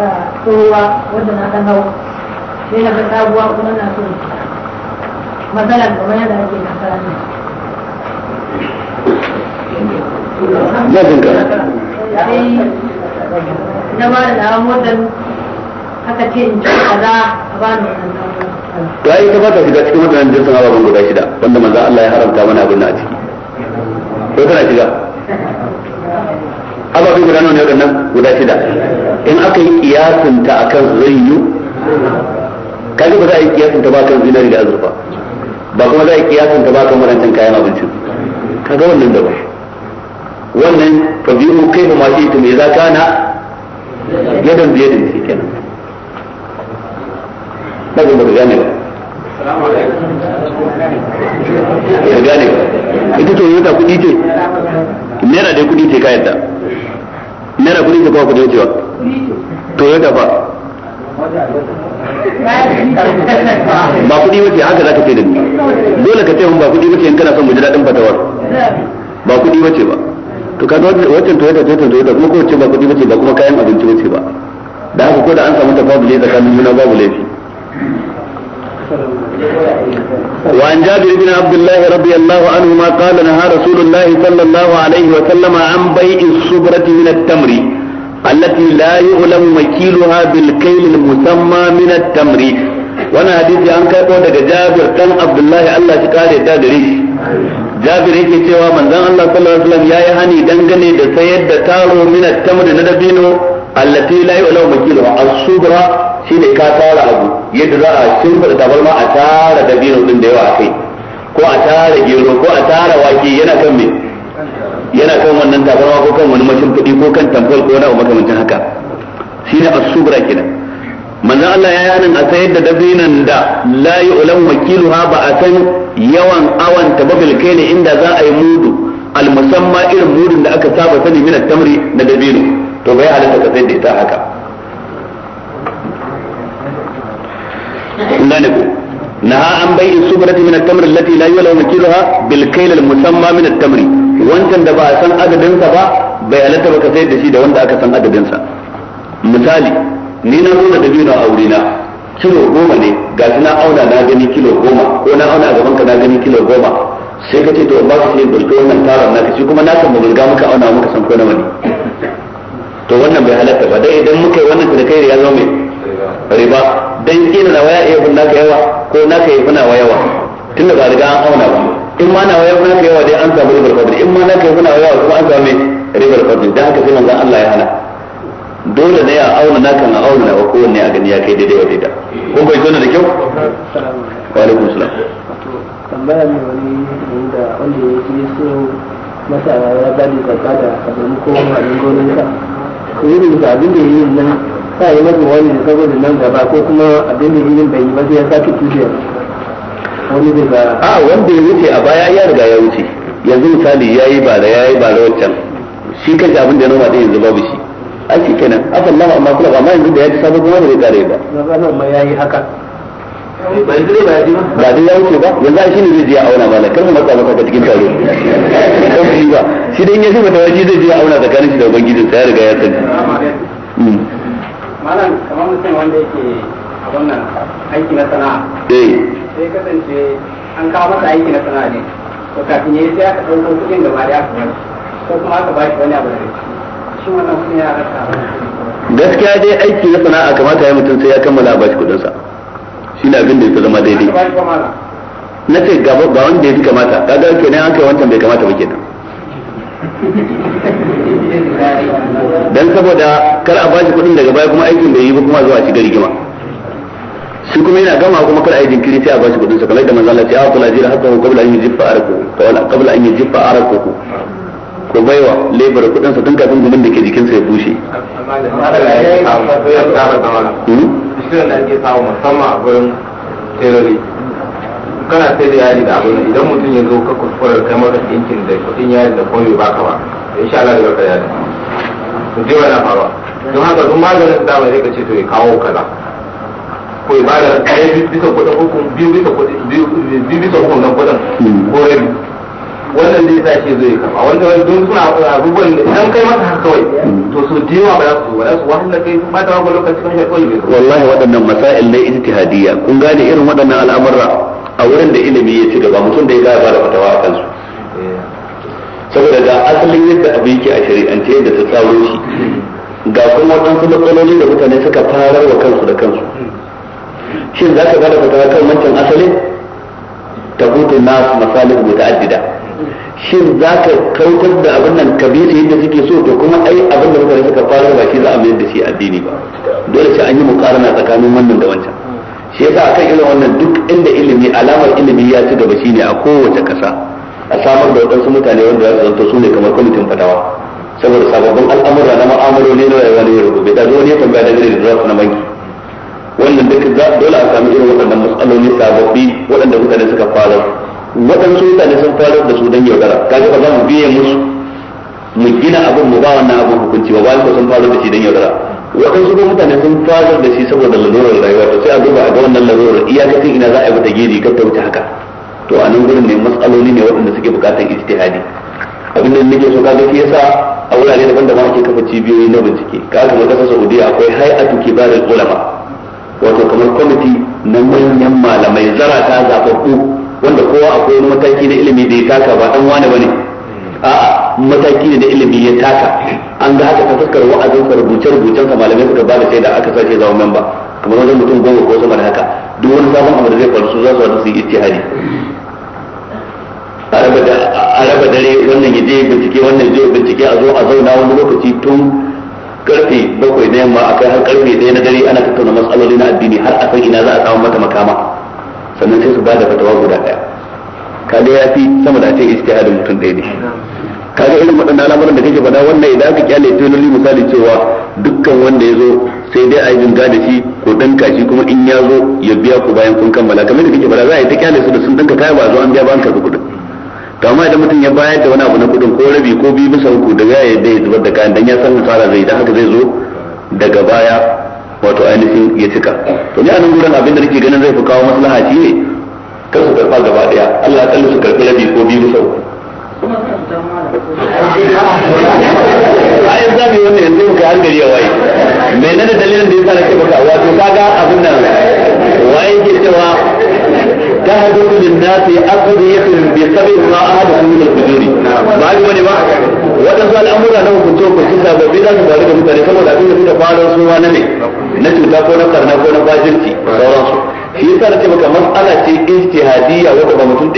Speaker 2: ah, tsohuwa wadda na ɗan hau sai na ga sabuwa kuma na so مثلا وما هذا هذه الحسنات Jajin ka. Sai
Speaker 3: na ba da dawon
Speaker 2: wadda aka ce in ci kaza a ba ni
Speaker 1: Ya yi ta ba ta shiga cikin wadannan jinsin ababen guda shida wanda manzan Allah ya haramta mana abin na a ciki. Ko tana shiga? Ababen guda nawa ne wadannan guda shida. In aka yi kiyasinta a kan zai yi, kaji ba za a yi kiyasinta ba kan zinari da azurfa. ba kuma za a kiyasin ka ba kan wadancan kayan abincin kaga wannan da ba wannan fabi'u kai ma shi tumi za ka na yadan biye da shi kenan ba zan baka gane ba ya gane ba ita to yadda kudi ce naira dai kudi ce ka yadda naira kudi ce kawai kudi cewa to yadda ba
Speaker 2: ba kuɗi wace haka za ka ce da ni dole ka ce mun ba kuɗi wace in kana son mu ji daɗin fatawar
Speaker 1: ba kuɗi wace ba to ka kaga wancan toyota toyota toyota kuma kowace ba kuɗi wace ba kuma kayan abinci wace ba da haka ko da an samu tafadule tsakanin juna babu laifi وعن جابر بن عبد الله رضي الله عنهما قال نهى رسول الله صلى الله عليه وسلم عن بيع الصبرة من التمر التي لا يعلم مكيلها بالكيل المسمى من التمريح وانا حديث عن كيبو دقى جابر كان عبد الله الله تقال يتادري جابر yake cewa manzon Allah sallallahu alaihi wasallam yayi hani dangane da sayar da taro min at na dabino allati la yu'lamu makilu as-subra shine ka tara abu yadda a shimfida tabarma a tara dabino din da yawa akai ko a tara gero ko a tara wake yana kan me yana kan wannan tabarwa ko kan wani mashin kuɗi ko kan tamfol ko wani makamancin haka shi ne asubra kenan manzo Allah ya yanin a sayar da dabinan da la yu'lam wakiluha ba a san yawan awan tababil ne inda za a yi mudu al musamma irin mudun da aka saba sani min tamri na dabino to bai halatta ka sayar da ita haka
Speaker 3: kun ko
Speaker 1: ha an bai subrati min at tamri allati la yu'lam wakiluha bil kail al musamma min at-tamri wancan da ba a san adadinsa ba bai halatta ba ka sayar da shi da wanda aka san adadinsa misali ni na nuna da biyu na aure na kilo goma ne ga shi na auna na gani kilo goma ko na auna a gaban ka na gani kilo goma sai ka ce to ba su shi burke wannan taron na shi kuma na san mu ga muka auna muka san ko nawa ne to wannan bai halatta ba dai idan muka yi wannan sadakai ya zama mai riba dan kila na waya iya bin naka yawa ko naka yi bina wa yawa tunda ba riga an auna ba in ma na waya kuna yawa dai an samu ribar fadl in ma na kai kuna yawa kuma an samu ribar fadl dan haka sai manzon Allah ya hana dole ne a auna na kan a auna wa kowanne a gani ya kai daidai wa daida kun bai tona da kyau
Speaker 2: wa alaikum salam tambaya ne wani da wanda ya ji so masa ya bani zakka da abin ko abin gonarsa ko irin da abin da
Speaker 1: yayi nan sai ya masa wani saboda nan gaba ko kuma abin da yayi bai yi ba sai ya sake tudiya a wanda ya wuce a baya ya riga ya wuce yanzu misali ya yi ba da ya yi ba da waccan shi kanshi abin da ya noma ɗin yanzu babu shi a shi kenan afan lafa amma kula amma yanzu da ya ci sabon kuma bai kare ba ba dai ya wuce ba yanzu a shi ne zai je a auna ba kar mu matsa masa cikin taro kan shi ba shi dai in ya shi mata shi zai je auna tsakanin shi da ubangijin sa ya riga ya sani hmm.
Speaker 2: malam kamar mutum wanda yake abin nan aiki na sana'a eh. sai kasance an kawo masa aiki na sana'a ne to kafin ya yi sai aka ɗauko kuɗin
Speaker 1: da aka kuma shi gaskiya dai aiki na sana'a kamata ya mutum sai ya kammala shi ne abin da ya zama daidai na ce ga wanda ya fi kamata kaga kenan an kai wancan bai kamata ba kenan dan saboda kar a bashi kuɗin daga baya kuma aikin bai yi ba kuma zuwa shiga rigima shi kuma yana gama kuma kar a yi jinkiri sai a bashi kudin sa kamar da manzo Allah ya ce kula jira hakka qabla an yujiffa arku kawala qabla an yujiffa arku ko baiwa lebar kudin sa tun kafin gumin da ke jikin sa ya bushe hmm? kana sai da yari da abin idan mutum ya zo ka kuskura kai maka dinkin da kudin yari da komai baka ba insha Allah ya ka yari mutum yana faruwa don haka duk maganin da mai zai ka ce to ya kawo kaza
Speaker 2: ko ya bada ɗaya
Speaker 1: bisa kuɗin hukun biyu bisa kuɗin biyu bisa hukun nan kuɗin ko rabi wannan zai sa shi zai kama wanda wani don suna abubuwan da idan kai masa haka kawai to su da yawa ba za su ba za su wahala kai ba ta wani lokaci kan shakwai ne wallahi waɗannan masail na ijtihadiyya kun gane irin waɗannan al'amurra. a wurin da ilimi ya ci gaba mutum da ya gaya ba da fatawa a kansu saboda da asalin yadda abu yake a shari'ance yadda ta tsaro shi ga kuma waɗansu matsaloli da mutane suka farar wa kansu da kansu shin za ka bada fatawa kan wancan asalin ta hutu na ta addida shin za ka kautar da abin nan kabila yadda suke so to kuma ai abin da mutane suka fara ba shi za a mayar da shi addini ba dole sai an yi mukarana tsakanin wannan da wancan shi yasa akan irin wannan duk inda ilimi alamar ilimi ya ci gaba shine a kowace kasa a samar da wadansu mutane wanda za su zanto su ne kamar kwamitin fatawa saboda sababbin al'amura na ne na rayuwa ne ya rubu bai da wani ne tambaya da gari da za su na banki wannan duk za dole a samu irin waɗannan matsaloli sababbi waɗanda mutane suka fara waɗansu mutane sun fara da su dan yaudara kaga ba za mu biye musu mu gina abin mu ba wannan abin hukunci ba wani sun fara da shi dan yaudara waɗansu ko mutane sun fara da shi saboda lalurar rayuwa to sai a duba a ga wannan lalurar iyakacin ina za a yi mata gidi kar ta wuce haka to a nan gurin ne matsaloli ne waɗanda suke buƙatar ijtihadi abin da nake so kaga shi yasa a wurare daban-daban ake kafa cibiyoyi na bincike kaga kamar ƙasar Saudiya akwai hay'atu kibarul ulama wato kamar kwamiti na manyan malamai zarata zafafu wanda kowa akwai wani mataki na ilimi da ya taka ba dan wani bane a'a mataki ne na ilimi ya taka an ga haka ta fuskar wa'azin sa rubuce rubucen sa malamai suka ba da sai da aka sace zama memba kamar wajen mutum goma ko sama da haka duk wani sabon abu da zai faru su za su wata su yi ijtihadi a raba dare wannan ya je bincike wannan ya je bincike a zo a zauna wani lokaci tun karfe bakwai na yamma a kai har karfe ɗaya na dare ana tattauna matsaloli na addini har a san ina za a samu mata makama sannan sai su bada fatawa guda ɗaya kaga ya fi sama da ce iske hadin mutum ɗaya ne ka ga irin waɗannan al'amuran da kake faɗa wannan idan aka kyale ta yi misali cewa dukkan wanda ya zo sai dai a yi jinga da shi ko ɗan kashi kuma in ya zo ya biya ku bayan kun kammala kamar da kake faɗa za a yi ta kyale su da sun ɗan ka kaya ba zo an biya ba an karɓi kuɗin to amma idan mutum ya bayar da wani abu na kudin ko rabi ko biyu bisa uku daga ya yadda ya zubar da kayan dan ya san hasara zai da haka zai zo daga baya wato ainihin ya cika to ni a nan gurin abin da nake ganin zai fi kawo maslaha shi ne kar su karfa gaba daya Allah ya su karfi rabi ko biyu bisa uku ayin zabi wannan yanzu muka har gari ya waye menene dalilin da yasa nake baka wato kaga abin nan waye ke cewa يحدث للناس أقضية بسبب ما أحدث من الفجور معلوم ne ba waɗansu al'amura na hukunce hukunci sababbi za su faru da mutane saboda abin da suka fara suwa na ne na cuta ko na karna ko na fajirci sauransu shi yasa na ce maka ce ba mutum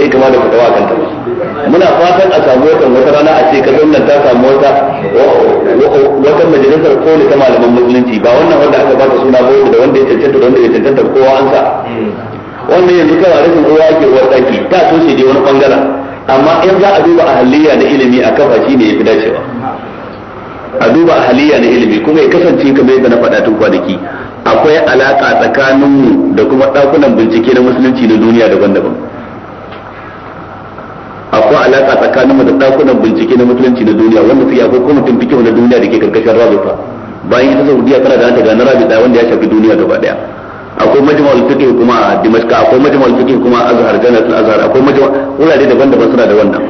Speaker 1: muna fatan a samu wata wata rana a ce ka nan ta samu wata wata majalisar koli ta malaman musulunci ba wannan wanda aka ba ta suna ba da wanda ya cancanta da wanda ya cancanta kowa an sa wannan yanzu kawai rashin ruwa ke ruwan daki ta toshe dai wani bangaren amma in za a duba ahaliya na ilimi a kafa shi ne ya fi dacewa a duba ahaliya na ilimi kuma ya kasance kamar yadda na faɗa tun kwanaki akwai alaƙa tsakaninmu da kuma ɗakunan bincike na musulunci na duniya daban-daban akwai alaƙa tsakaninmu da ɗakunan bincike na musulunci na duniya wanda suke akwai kwamitin fikihu na duniya da ke karkashin rabita bayan ita saudiya tana da nata ganin da wanda ya shafi duniya gaba ɗaya akwai majma'ul fiqh kuma a Dimashq akwai majma'ul fiqh kuma a Azhar Jami'atul Azhar akwai majma' wurare daban-daban suna da wannan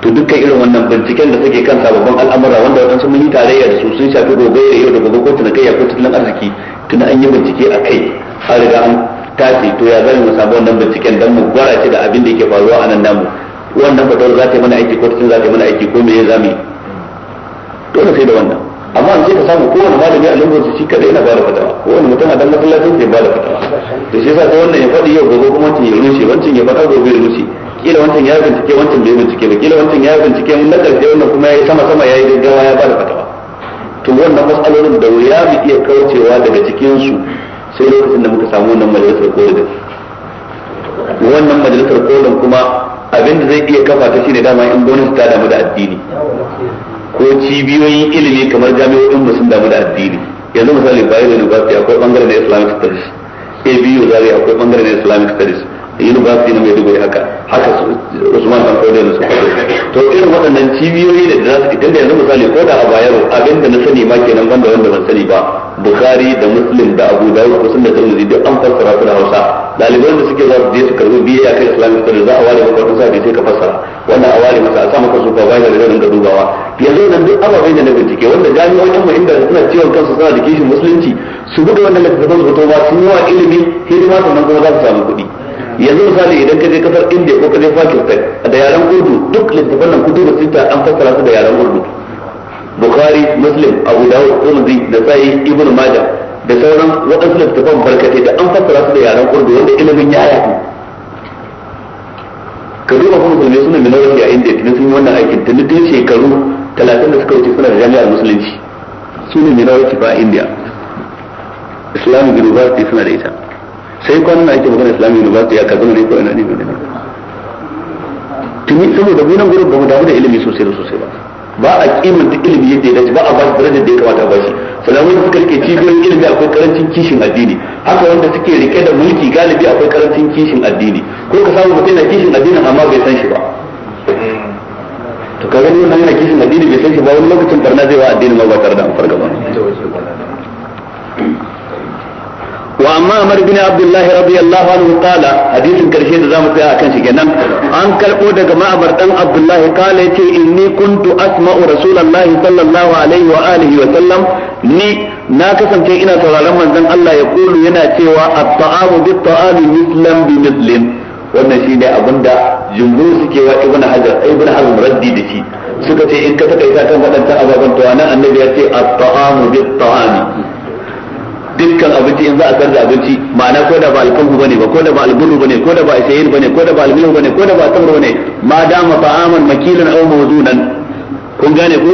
Speaker 1: to dukkan irin wannan binciken da suke kan sababbin al'amura wanda wadansu mun yi tarayya da su sun shafi gobe da yau da gobe ko ya ko tunan arziki tun an yi bincike a kai an riga an tafi to ya zai mu samu wannan binciken dan mu gwara ce da abin da yake faruwa a nan namu wannan fatawar za ta yi mana aiki ko tun za ta yi mana aiki ko me ya zame dole sai da wannan amma an ce ka samu kowane malami a lungun shi kadai yana bada fatawa kowane mutum a dan masallacin ke bada fatawa da shi yasa sai wannan ya faɗi yau gobe kuma wancan ya rushe wancan ya faɗa gobe ya rushe kila wancan ya bincike wancan bai bincike ba kila wancan ya bincike mun na karshe wannan kuma yayi sama sama yayi gaggawa ya bada fatawa to wannan masalolin da wuya mu iya kaucewa daga cikin su sai lokacin da muka samu wannan majalisar kolin wannan majalisar da kuma abinda zai iya kafa ta shine dama in gwamnati ta damu da addini ko cibiyoyin ilimi kamar jami'o'in ba sun damu da addini yanzu misali bayan university akwai bangare na islamic studies abu zari akwai bangare na islamic studies university na dubai haka haka Usman dan kodai da su to irin waɗannan cibiyoyi da za su idan da yanzu misali ko da a bayar abinda na sani ma kenan banda wanda ban sani ba Bukhari da Muslim da Abu Dawud ko sun da Tirmidhi duk an fassara su da Hausa daliban da suke za su je su karbi biya kai Islamic studies za a ware maka wata da sai ka fassara wannan a ware masa a sa maka supervisor da zai dubawa yanzu nan duk ababen da na bincike wanda jami'o'in mu inda suna ciwon kansu suna da kishin musulunci su buga wannan littattafan su fito ba sun yi wa ilimi hidima sannan kuma za su samu kuɗi yanzu misali idan ka je kasar india ko ka je pakistan da yaren urdu duk littafan nan da sita an fassara su da yaren urdu bukhari muslim abu dawud tirmidhi da sai ibnu majah da sauran waɗansu littafan barkatai da an fassara su da yaren urdu wanda ilimin ya yafi ka duba kuma musulmi suna minority a india tun sun yi wannan aikin tun tun shekaru talatin da suka wuce suna da jami'ar musulunci su ne minority ba a india islamic university suna da ita sai kwanan na ake magana islamic university ya kaza ne ko ina nemi ne tuni saboda mu nan gurin ba mu damu da ilimi sosai da sosai ba ba a kimanta ilimi yadda ya dace ba a bashi darajar da ya kamata ba shi sannan da suka rike cibiyoyin ilimi akwai karancin kishin addini haka wanda suke rike da mulki galibi akwai karancin kishin addini ko ka samu mutum na kishin addini amma bai san shi ba to ka gani wannan yana kishin addini bai san shi ba wani lokacin barna zai wa addini ma ba tare da amfar gaba wa amma amr bin abdullah radiyallahu anhu qala hadisin karshe da zamu tsaya akan shi kenan an karbo daga ma'abar dan abdullah qala yace inni kuntu asma'u rasulullahi sallallahu alaihi wa alihi wa sallam ni na kasance ina sauraron manzon Allah ya kulu yana cewa at-ta'amu bit-ta'ami mislan bi mislin wannan shi ne abinda jumhur suke wa ibn hajar ibn hajar raddi da shi suka ce in ka takaita kan ta ababen to nan annabi ya ce at-ta'amu bit-ta'ami dukkan abinci in za a karza abinci ma'ana ko da ba alkanku bane ba ko da ba albulu bane ko da ba isayir bane ko da ba almilu bane ko da ba tamr bane ma dama aman makilan aw mawdunan kun gane ku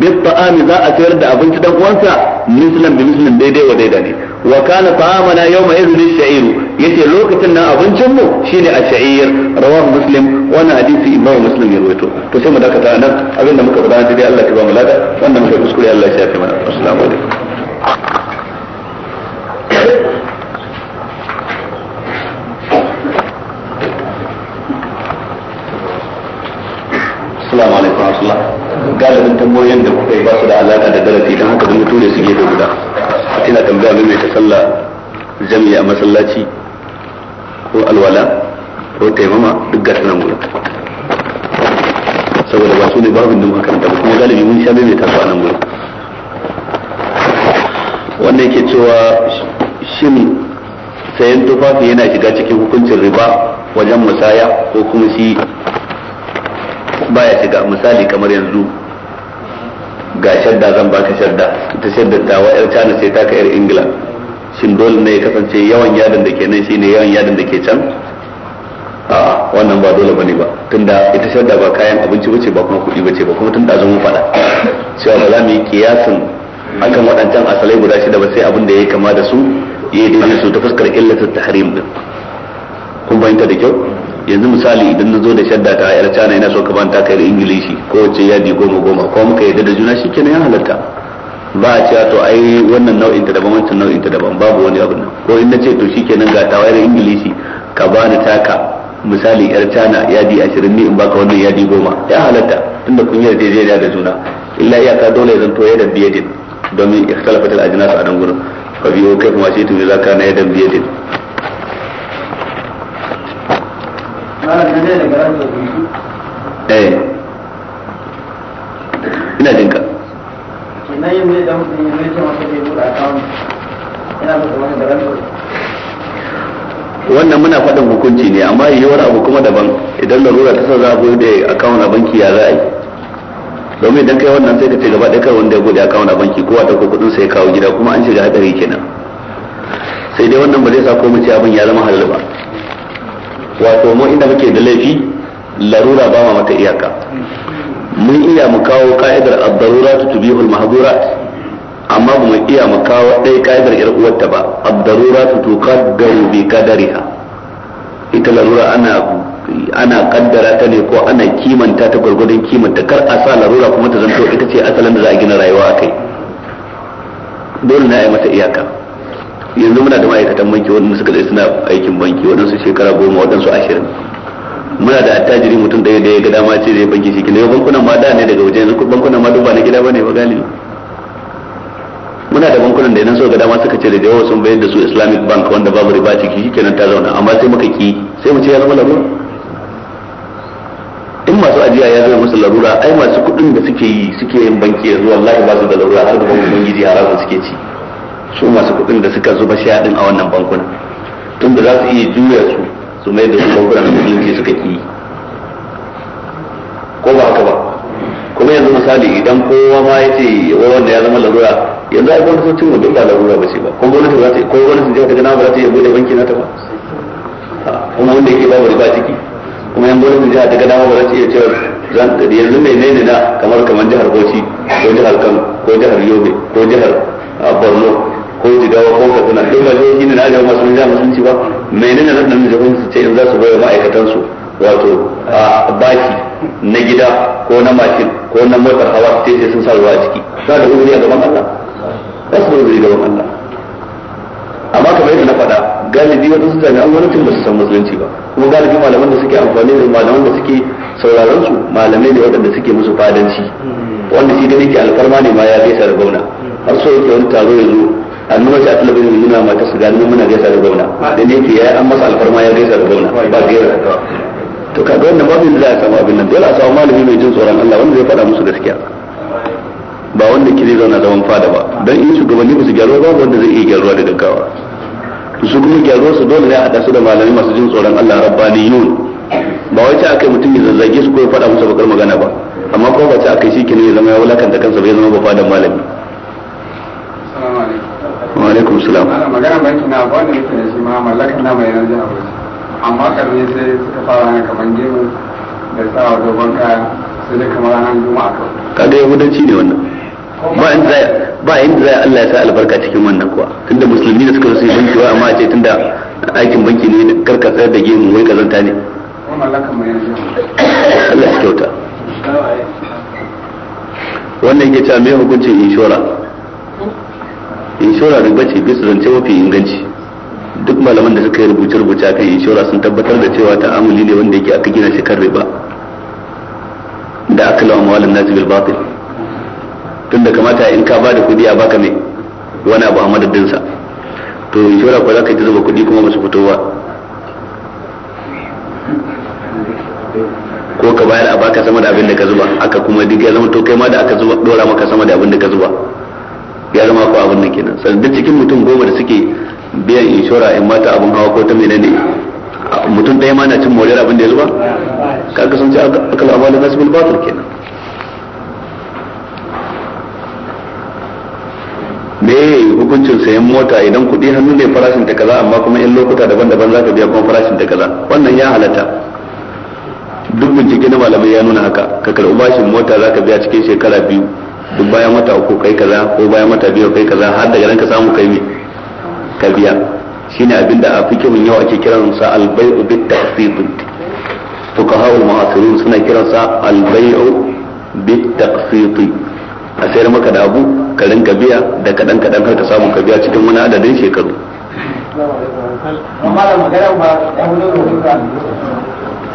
Speaker 1: bis ta'ami za a sayar da abinci dan uwansa muslim bi mislan daidai wa daidai ne wa kana ta'amana yawma idhin sha'iru yace lokacin nan abincin mu shine ash-sha'ir rawahu muslim wannan hadisi imamu muslim ya rawaito to sai mu dakata nan abinda muka faɗa dai Allah ya ba mu lada wannan muka kuskure Allah ya shafe mana assalamu alaikum Assalamu alaikum warahmatullah galibin tambayoyin da kuka yi ba su da alaka da darasi don haka zama ture su gefe guda ina tambaya mai ta sallah jami'a masallaci ko alwala ko taimama duk gasa nan gudu saboda ba su ne babin da makaranta ba kuma galibi mun sha mai ta su a nan gudu wanda yake cewa shin sayan tufafi yana shiga cikin hukuncin riba wajen musaya ko kuma shi baya shiga misali kamar yanzu ga shadda zan baka shadda ta shadda ta wa yar China sai ta ka yar Ingila shin dole ne ya kasance yawan yadin da ke nan shine yawan yadin da ke can a wannan ba dole bane ba tunda ita shadda ba kayan abinci bace ba kuma kuɗi bace ba kuma tun da zan mu faɗa cewa ba za mu yi kiyasin akan waɗancan asalai guda shida ba sai abin da ya kama da su ya daidai su ta fuskar illatul tahrim din kun fahimta da kyau yanzu misali idan na zo da shadda ta yar cana ina so ka banta kai da ingilishi ko wace yadi goma goma ko muka yadda da juna shikenan ya halatta ba a cewa to ai wannan nau'in ta daban wancan nau'in ta daban babu wani abu nan ko in nace to shikenan ga ta wayar ingilishi ka bani taka misali yar cana yadi 20 ne in baka wannan yadi goma ya halatta tunda kun yarda da juna illa iyaka dole zan to da biyadin domin ikhtalafatul ajnas a nan gurin fa biyo kai kuma shi tun za na yadda biye din eh ina jinka da wannan muna faɗin hukunci ne amma yiwuwar abu kuma daban idan larura ta sa za a da account a banki ya za a yi domin idan kai wannan sai ka ce gaba ɗaya kai wanda ya bude akawun a banki a ɗauko kuɗin sai kawo gida kuma an shiga hadari kenan sai dai wannan ba zai sa komai ce abin ya zama halal ba wato mu inda muke da laifi larura ba ma mata iyaka mun iya mu kawo ka'idar ad-darura tubihul mahdura amma ba mu iya mu kawo ɗaya ka'idar yar uwarta ba ad-darura tuqaddaru bi qadariha ita larura ana ana kaddara ta ne ko ana kimanta ta gwargwadon kimanta kar a sa larura kuma ta zanto ita ce asalin da za a gina rayuwa a kai dole na yi mata iyaka yanzu muna da ma'aikatan banki waɗanda suka zai suna aikin banki waɗansu shekara goma waɗansu ashirin muna da attajiri mutum ɗaya da ya ga dama ce zai banki shi yau bankunan ma da ne daga waje yanzu bankunan ma duba ba na gida ba ne ba galibi muna da bankunan da ya suka ga dama suka ce da yawa sun bayar da su islamic bank wanda babu riba ciki shikenan ta zauna amma sai muka ki sai mu ce ya zama larura in masu ajiya ya zama musu larura ai masu kuɗin da suke yi suke yin banki yanzu wallahi ba su da larura har da bankin ubangiji haramun suke ci su masu kuɗin da suka zuba shaɗin a wannan bankuna tun da za su iya juya su su mai da su bankunan musulunci suka ki ko ba haka ba kuma yanzu misali idan kowa ma ya ce wanda ya zama larura yanzu ai sun cimma duk ba larura ba ce ba ko gwamnati ba ta ko gwamnatin ta gana ba za ta iya bude banki na ta ba kuma wanda yake babu riba ciki kuma yan dole jiha ta gada ba za ta iya cewa zan yanzu mai ne na kamar kamar jihar Bauchi ko jihar Kano ko jihar Yobe ko jihar ah, Borno ko Jigawa ko Katsina duk ba jihohi ne na arewa masu jihar musulunci ba mai ne na nan jihohin su ce in za su bayar ma'aikatan su wato a ah, baki na gida ko na mashin ko na motar hawa ce sun sa ruwa a ciki sa da uzuri a gaban Allah za su da uzuri gaban Allah amma kamar yadda na faɗa galibi su jami'an gwamnatin ba su san musulunci ba kuma galibi malaman da suke amfani da malaman da suke sauraron su malamai ne waɗanda suke musu fadanci wanda shi gani yake alfarma ne ma ya gaisa da gwamna har so yake wani taro ya zo a nuna shi a talabijin nuna mata su gani muna gaisa da gwamna da ne ke ya an masa alfarma ya gaisa da gwamna ba gaira to kaga wannan babu da za a samu abin nan dole a samu malami mai jin tsoron Allah wanda zai faɗa musu gaskiya ba wanda ke zai zauna zaman fada ba don in shugabanni ba su gyaruwa ba wanda zai iya gyaruwa da dukkawa su kuma gyaruwa su dole ne a haɗa su da malami masu jin tsoron Allah rabbaniyun ba wai ce akai mutum ya zazzage su ko ya faɗa musu bakar magana ba amma ko ba ce akai shi ke ne ya zama ya wulakanta kansa bai zama ba fadan malami wa alaikum salam magana bai tuna ba ne mutum shi ma mallakan na mai yanzu a wurin amma karni sai suka fara kaman gemu da sawa dogon kaya sai kamar ranar juma'a kawai kaga yahudanci ne wannan ba in zai ba in zai Allah ya sa albarka cikin wannan kuwa tunda musulmi da suka zo su yi banki amma a ce tunda aikin banki ne karkatsar da gemu wai kazanta ne
Speaker 2: Allah ya kyauta
Speaker 1: wannan yake cewa mai hukuncin inshora inshora riba ce bisa zance mafi inganci duk malaman da suka yi rubuce-rubuce kan inshora sun tabbatar da cewa ta'amuli ne wanda yake aka gina shi kan riba da aka lawa mawalin nazi bil batil tunda kamata in ka bada kudi a baka mai wani abu a madadin sa to shura ko zaka ji zuba kudi kuma ba su fito ba ko ka bayar a baka sama da abin da ka zuba aka kuma duk ya zama to kai ma da aka zuba dora maka sama da abin da ka zuba ya zama ko abin nan kenan sai duk cikin mutum goma da suke biyan inshora in mata abin hawa ko ta menene mutum ɗaya ma na cin moriyar abin da ya zuba kaga sun ce aka labarin nasibul batul kenan me hukuncin sayan mota idan kuɗi hannu ne farashin ta kaza amma kuma in lokuta daban-daban za ka biya kuma farashin ta kaza wannan ya halatta duk bincike na malamai ya nuna haka ka karɓi bashin mota za ka biya cikin shekara biyu duk bayan wata uku kai kaza ko bayan wata biyu kai kaza har daga nan ka samu kai ne ka biya shine abinda a fikihun yau ake kiran sa al bit taqsid fuqaha muasirun suna kiran sa albaiu bit a sayar maka da abu ka rinka biya da kaɗan kaɗan har ka samu ka biya cikin wani adadin shekaru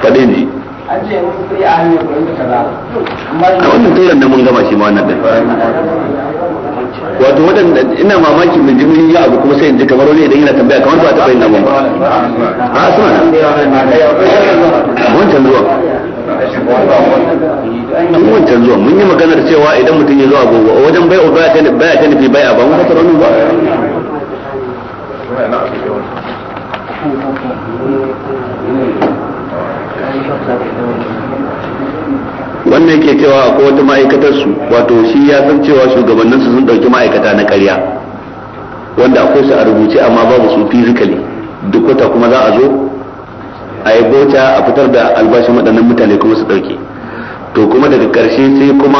Speaker 1: faɗi ne
Speaker 2: a wannan turan da mun gama shi ma wannan ɗin
Speaker 1: wato waɗanda ina mamaki mai jimini ya abu kuma sai in ji kamar wani idan yana tambaya kamar ba ta bayin mun ba a suna wancan zuwa tun wancan zuwa mun yi maganar cewa idan mutum ya zo agogo wajen bai o baya ta baya nufi baya ba mun fasara ba
Speaker 3: Thank you.
Speaker 1: wannan yake cewa akwai wata ma'aikatar su wato shi ya san cewa shugabannin su sun dauki ma'aikata na ƙarya wanda akwai su a rubuce amma babu su physically duk wata kuma za a zo a yi bauta a fitar da albashin waɗannan mutane kuma su dauke to kuma daga ƙarshe sai kuma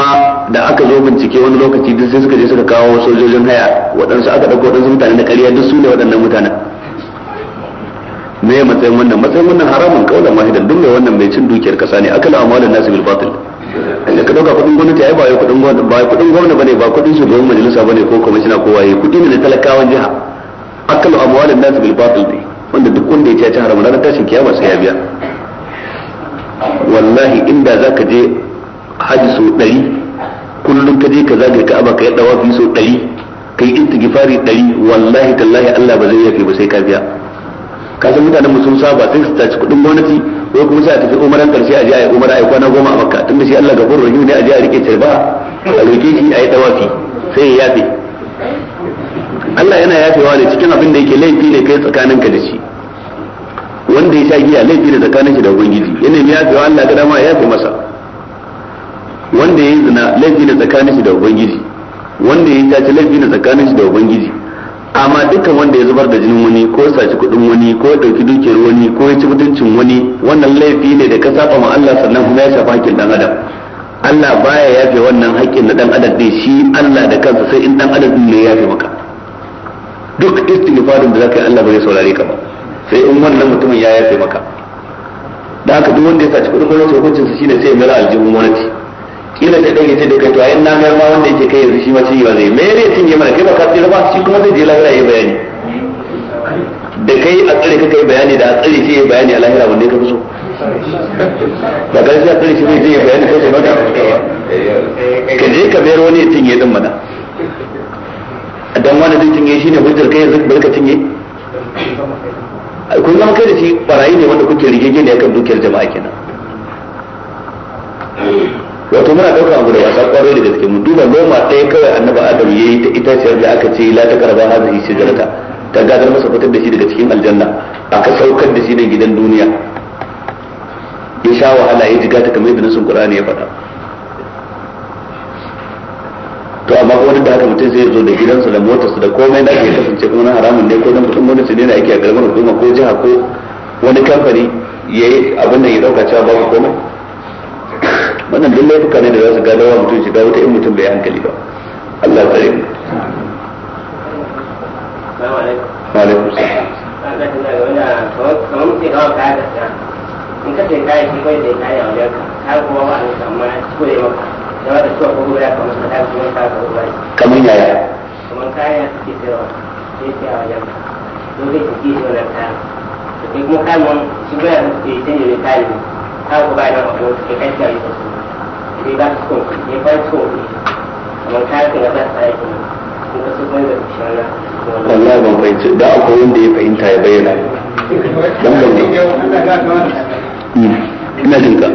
Speaker 1: da aka zo bincike wani lokaci duk sai suka je suka kawo sojojin haya waɗansu aka ɗauko waɗansu mutane na ƙarya duk su ne waɗannan mutanen me matsayin wannan matsayin wannan haramun da mahidan duk mai wannan mai cin dukiyar kasa ne akala amwalin nasu bil batil da ka dauka kudin gwamnati ai ba wai kudin gwamnati ba kudin gwamnati bane ba kudin shugaban majalisa bane ko kwamishina ko waye kudi ne na talakawan jiha akalu amwalin nasu bil batil ne wanda duk wanda ya ci haramun ranar tashin kiyama sai ya biya wallahi inda zaka je haji so ɗari kullum ka je ka zagaye ka aba ka yi dawafi so 100 kai intigifari ɗari wallahi tallahi Allah ba zai yafe ba sai ka biya kasan mutanen musu sun saba sai su tace kudin gwamnati ko kuma sai a tafi umaran karshe a je a yi umara a yi kwana goma a makka tunda shi Allah gafur rahim ne a je a rike tarba a rike shi a yi tawafi sai ya yafe Allah yana yafewa ne cikin abin da yake laifi ne kai tsakaninka da shi wanda ya sha giya laifi ne tsakanin shi da ubangiji yana ya yafewa Allah ga dama ya yafe masa wanda ya yi zina laifi ne tsakanin shi da ubangiji wanda ya yi tace laifi ne tsakanin shi da ubangiji amma dukkan wanda ya zubar da jinin wani ko saci kudin wani ko dauki dukiyar wani ko ya ci mutuncin wani wannan laifi ne da ka saba ma Allah sannan kuma ya shafa hakkin dan adam Allah baya yafe wannan hakkin na dan adam dai shi Allah da kansa sai in dan adam ne yafe maka duk istighfarin da zaka yi Allah bai saurare ka ba sai in wannan mutumin ya yafe maka da haka duk wanda ya saci kudin wani hukuncin sa shine sai ya mira aljihun wani kila da dai yace da kai to ayin na ma wanda yake kai yanzu shi ma cinye ba zai me ne cinye mana kai ba ka tsira ba shi kuma zai je lahira yayi bayani da kai a tsare ka kai bayani da a tsare shi yayi bayani a lahira wanda ka fi so da ga shi a tsare shi zai je bayani ko ba maka ka je ka bayar wani cinye din mana dan wani zai cinye shi ne hujjar kai yanzu barka cinye kun zama kai da shi barayi ne wanda kuke rigege ne akan dukiyar jama'a kenan wato muna ɗauka abu da wasa kwarai da gaske mu duba noma ɗaya kawai annaba adam yayi ta itaciyar da aka ce la takarba hadhihi shajarata ta gadar masa fitar da shi daga cikin aljanna aka saukar da shi da gidan duniya ya sha wahala ya jiga ta kamar yadda nasin qur'ani ya faɗa to amma kuma da haka mutum zai zo da gidansa da motarsa da komai da ake kasance kuma na haramun ne ko dan kudin su ne da ake a karamar hukuma ko jiha ko wani kamfani yayi abin da ya dauka cewa babu komai wannan duk laifuka ne da za su gada wa mutum shiga wata in mutum bai hankali ba Allah ya tsare mu
Speaker 2: wa alaikum salam in ka sai kayan shi kawai da kayan a wajen ka kuma ba a nisa amma kure maka da wata suwa ko guda kamar ka ta kuma ka ka ubai kamar yaya kamar kayan suke sayarwa sai sai a wajen ka to zai ka kishi wannan kayan to kai kuma kayan shi bayan da suke canje mai kayan ka ko bayan da ka kai shi a yi ribasko ribasko kamar kayan kan gaba ta yi kuma su kuma da shana
Speaker 1: wallahi ban fahimci da akwai wanda ya fahimta ya bayyana dan ban ina jin ka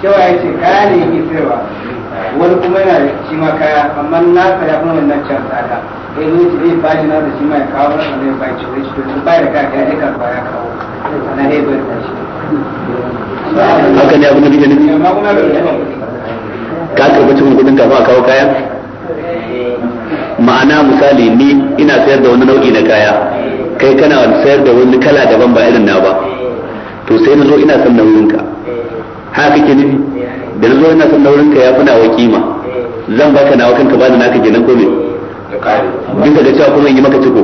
Speaker 2: cewa ya ce kaya ne yake sayarwa wani kuma yana da shi ma kaya amma na saya kuma wannan can tsada ya zo ci zai bani na da shi ma ya kawo na da zai bani ci zai ci to sun bayar da kaya ya kawo ya kawo na hebe da
Speaker 1: haka ne abin da kike nufi ka karɓi cikin kuɗin kafin a kawo kaya. ma'ana misali ni ina sayar da wani nau'i na kaya kai kana sayar da wani kala daban ba irin na ba to sai na zo ina son ka. haka kake nufi da na zo ina son ka ya fi nawa kima zan baka nawa kanka ba da naka kenan ko me duka ga cewa kuma in yi maka ciko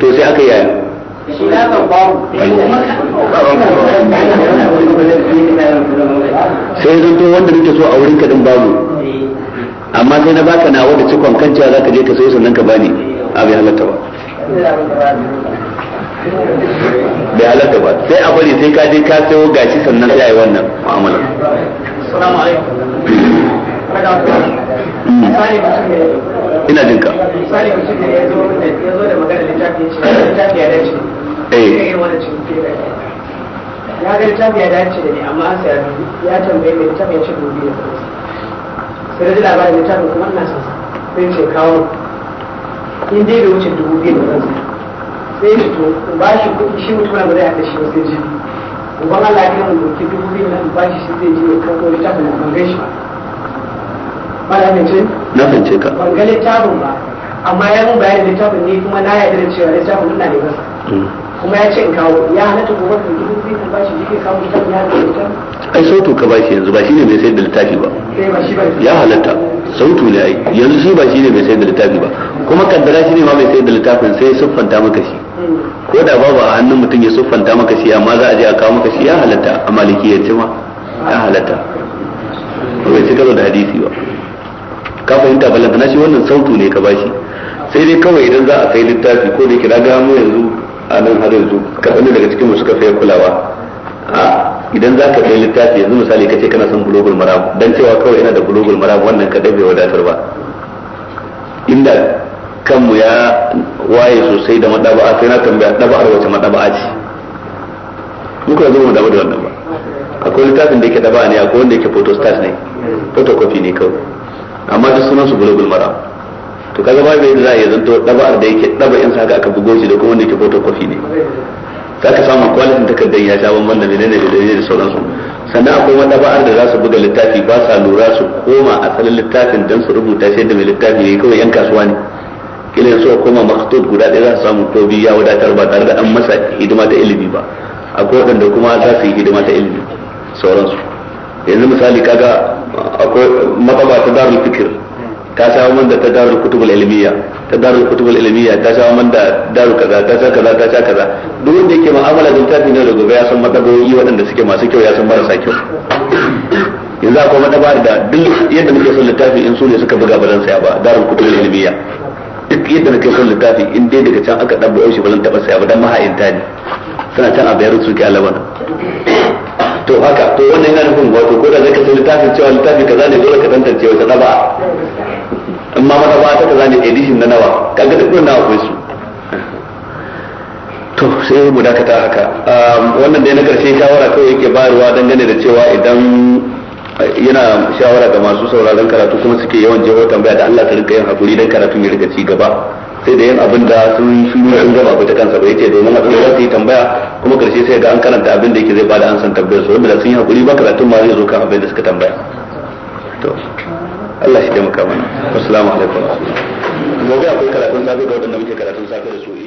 Speaker 1: to sai aka yaya sai zan to wanda nake so a wurin ka din babu amma sai na baka nawa da cikon kan za ka je ka sai sannan ka bani a bai halatta ba bai halatta ba sai a bari sai ka je ka sayo gashi sannan sai a yi wannan mu'amala assalamu alaikum
Speaker 2: ina jin ka misali mutum da magana littafi ya ce littafi ya dace eh na ga littafi ya dace da ni amma an sayar ya tambaye mai littafi ya ce dubi da kuma sai da labarin littafi kuma ina son sai ce kawo in dai da wuce dubu biyu da kansa sai shi to in ba shi kuɗi shi mutum na ba zai haɗa sai ji uban Allah ya mu doki dubu biyu nan ba shi zai ji ya kawo littafin na ban gaishe ba ba da ne ce na fance ka ban ga ba amma ya mun bayanin littafin ne kuma na yarda da cewa littafin ina da kansa mm. kuma ya ce in kawo ya halatta ko ka dubu biyu ka bashi shi ke kawo littafin ya halatta
Speaker 1: littafin ai sautu ka bashi yanzu ba shine mai sayar da littafi ba eh, ya halatta sautu ne ai yanzu shi ba shine mai sayar da littafi ba kuma kaddara shi ne ma mai sayar da littafin sai siffanta maka shi hmm. ko da babu a hannun mutum ya siffanta maka shi amma za a je a kawo maka shi ya halatta a malikiyance ma ya halatta ba bai cika da hadisi ba ka fahimta balantana shi wannan sautu ne ka bashi sai dai kawai idan za a kai littafi ko da kira gano yanzu a nan har yanzu kaɗan daga cikin suka fiye kulawa a idan za ka kai littafi yanzu misali kace kana son global maram dan cewa kawai yana da global maram wannan kaɗai bai wadatar ba inda kanmu ya waye sosai da madaba'a sai na tambaya daba'ar wace madaba'a ce in kuma zo mu da wannan ba akwai littafin da yake daba'a ne akwai wanda yake photostat ne photocopy ne kawai amma duk sunan su global maram to kaga ba bai za a yi zanto dabar da yake daba in saka aka bugo shi da kuma wanda yake kofi ne za ka samu kwalitin takardar ya sha ne da ne da da sauransu sannan akwai madaba'ar da za su buga littafi ba sa lura su koma asalin littafin don su rubuta shi da mai littafi ne kawai yan kasuwa ne kila su koma maktub guda ɗaya za su samu ko biyu ya wadatar ba tare da an masa hidima ta ilimi ba akwai waɗanda kuma za su yi hidima ta ilimi sauransu yanzu misali kaga akwai madaba ta darul fikir ta shawo man da ta daru kutubul ilmiya ta daru kutubul ilmiya ta shawo man da daru kaza ta sha kaza ta sha kaza duk wanda yake mu'amala da littafin ne da gobe ya san madaboyi waɗanda suke masu kyau ya san marasa kyau yanzu akwai madaba da duk yadda muke son littafi in su ne suka buga balan saya ba daru kutubul ilmiya duk yadda muke son littafi in dai daga can aka dabba yau shi balan taba saya ba dan maha'inta ne suna can a bayar su ke alaban to haka to wannan yana nufin wato ko da zaka san littafin cewa littafi kaza ne dole ka tantance wata daba in ma mata ba ta kaza ne edition na nawa kaga duk wannan akwai su to sai mu dakata haka um, wannan dai na karshe shawara kawai yake bayarwa dangane da cewa idan eh, yana shawara ga masu sauraron karatu kuma suke yawan jawo tambaya da Allah ta rinka yin hakuri dan karatun ya riga ci gaba sai da yin abin da sun shiru sun gama ta kansa ba yace domin a za su yi tambaya kuma karshe sai ga an karanta abin da yake zai bada an san tambayar su wanda sun yi hakuri ba karatun ma zai zo kan abin da suka tambaya
Speaker 3: to Allah shi taimaka mana assalamu alaikum
Speaker 1: gobe akwai karatun safe ga waɗanda muke karatun
Speaker 3: safe da su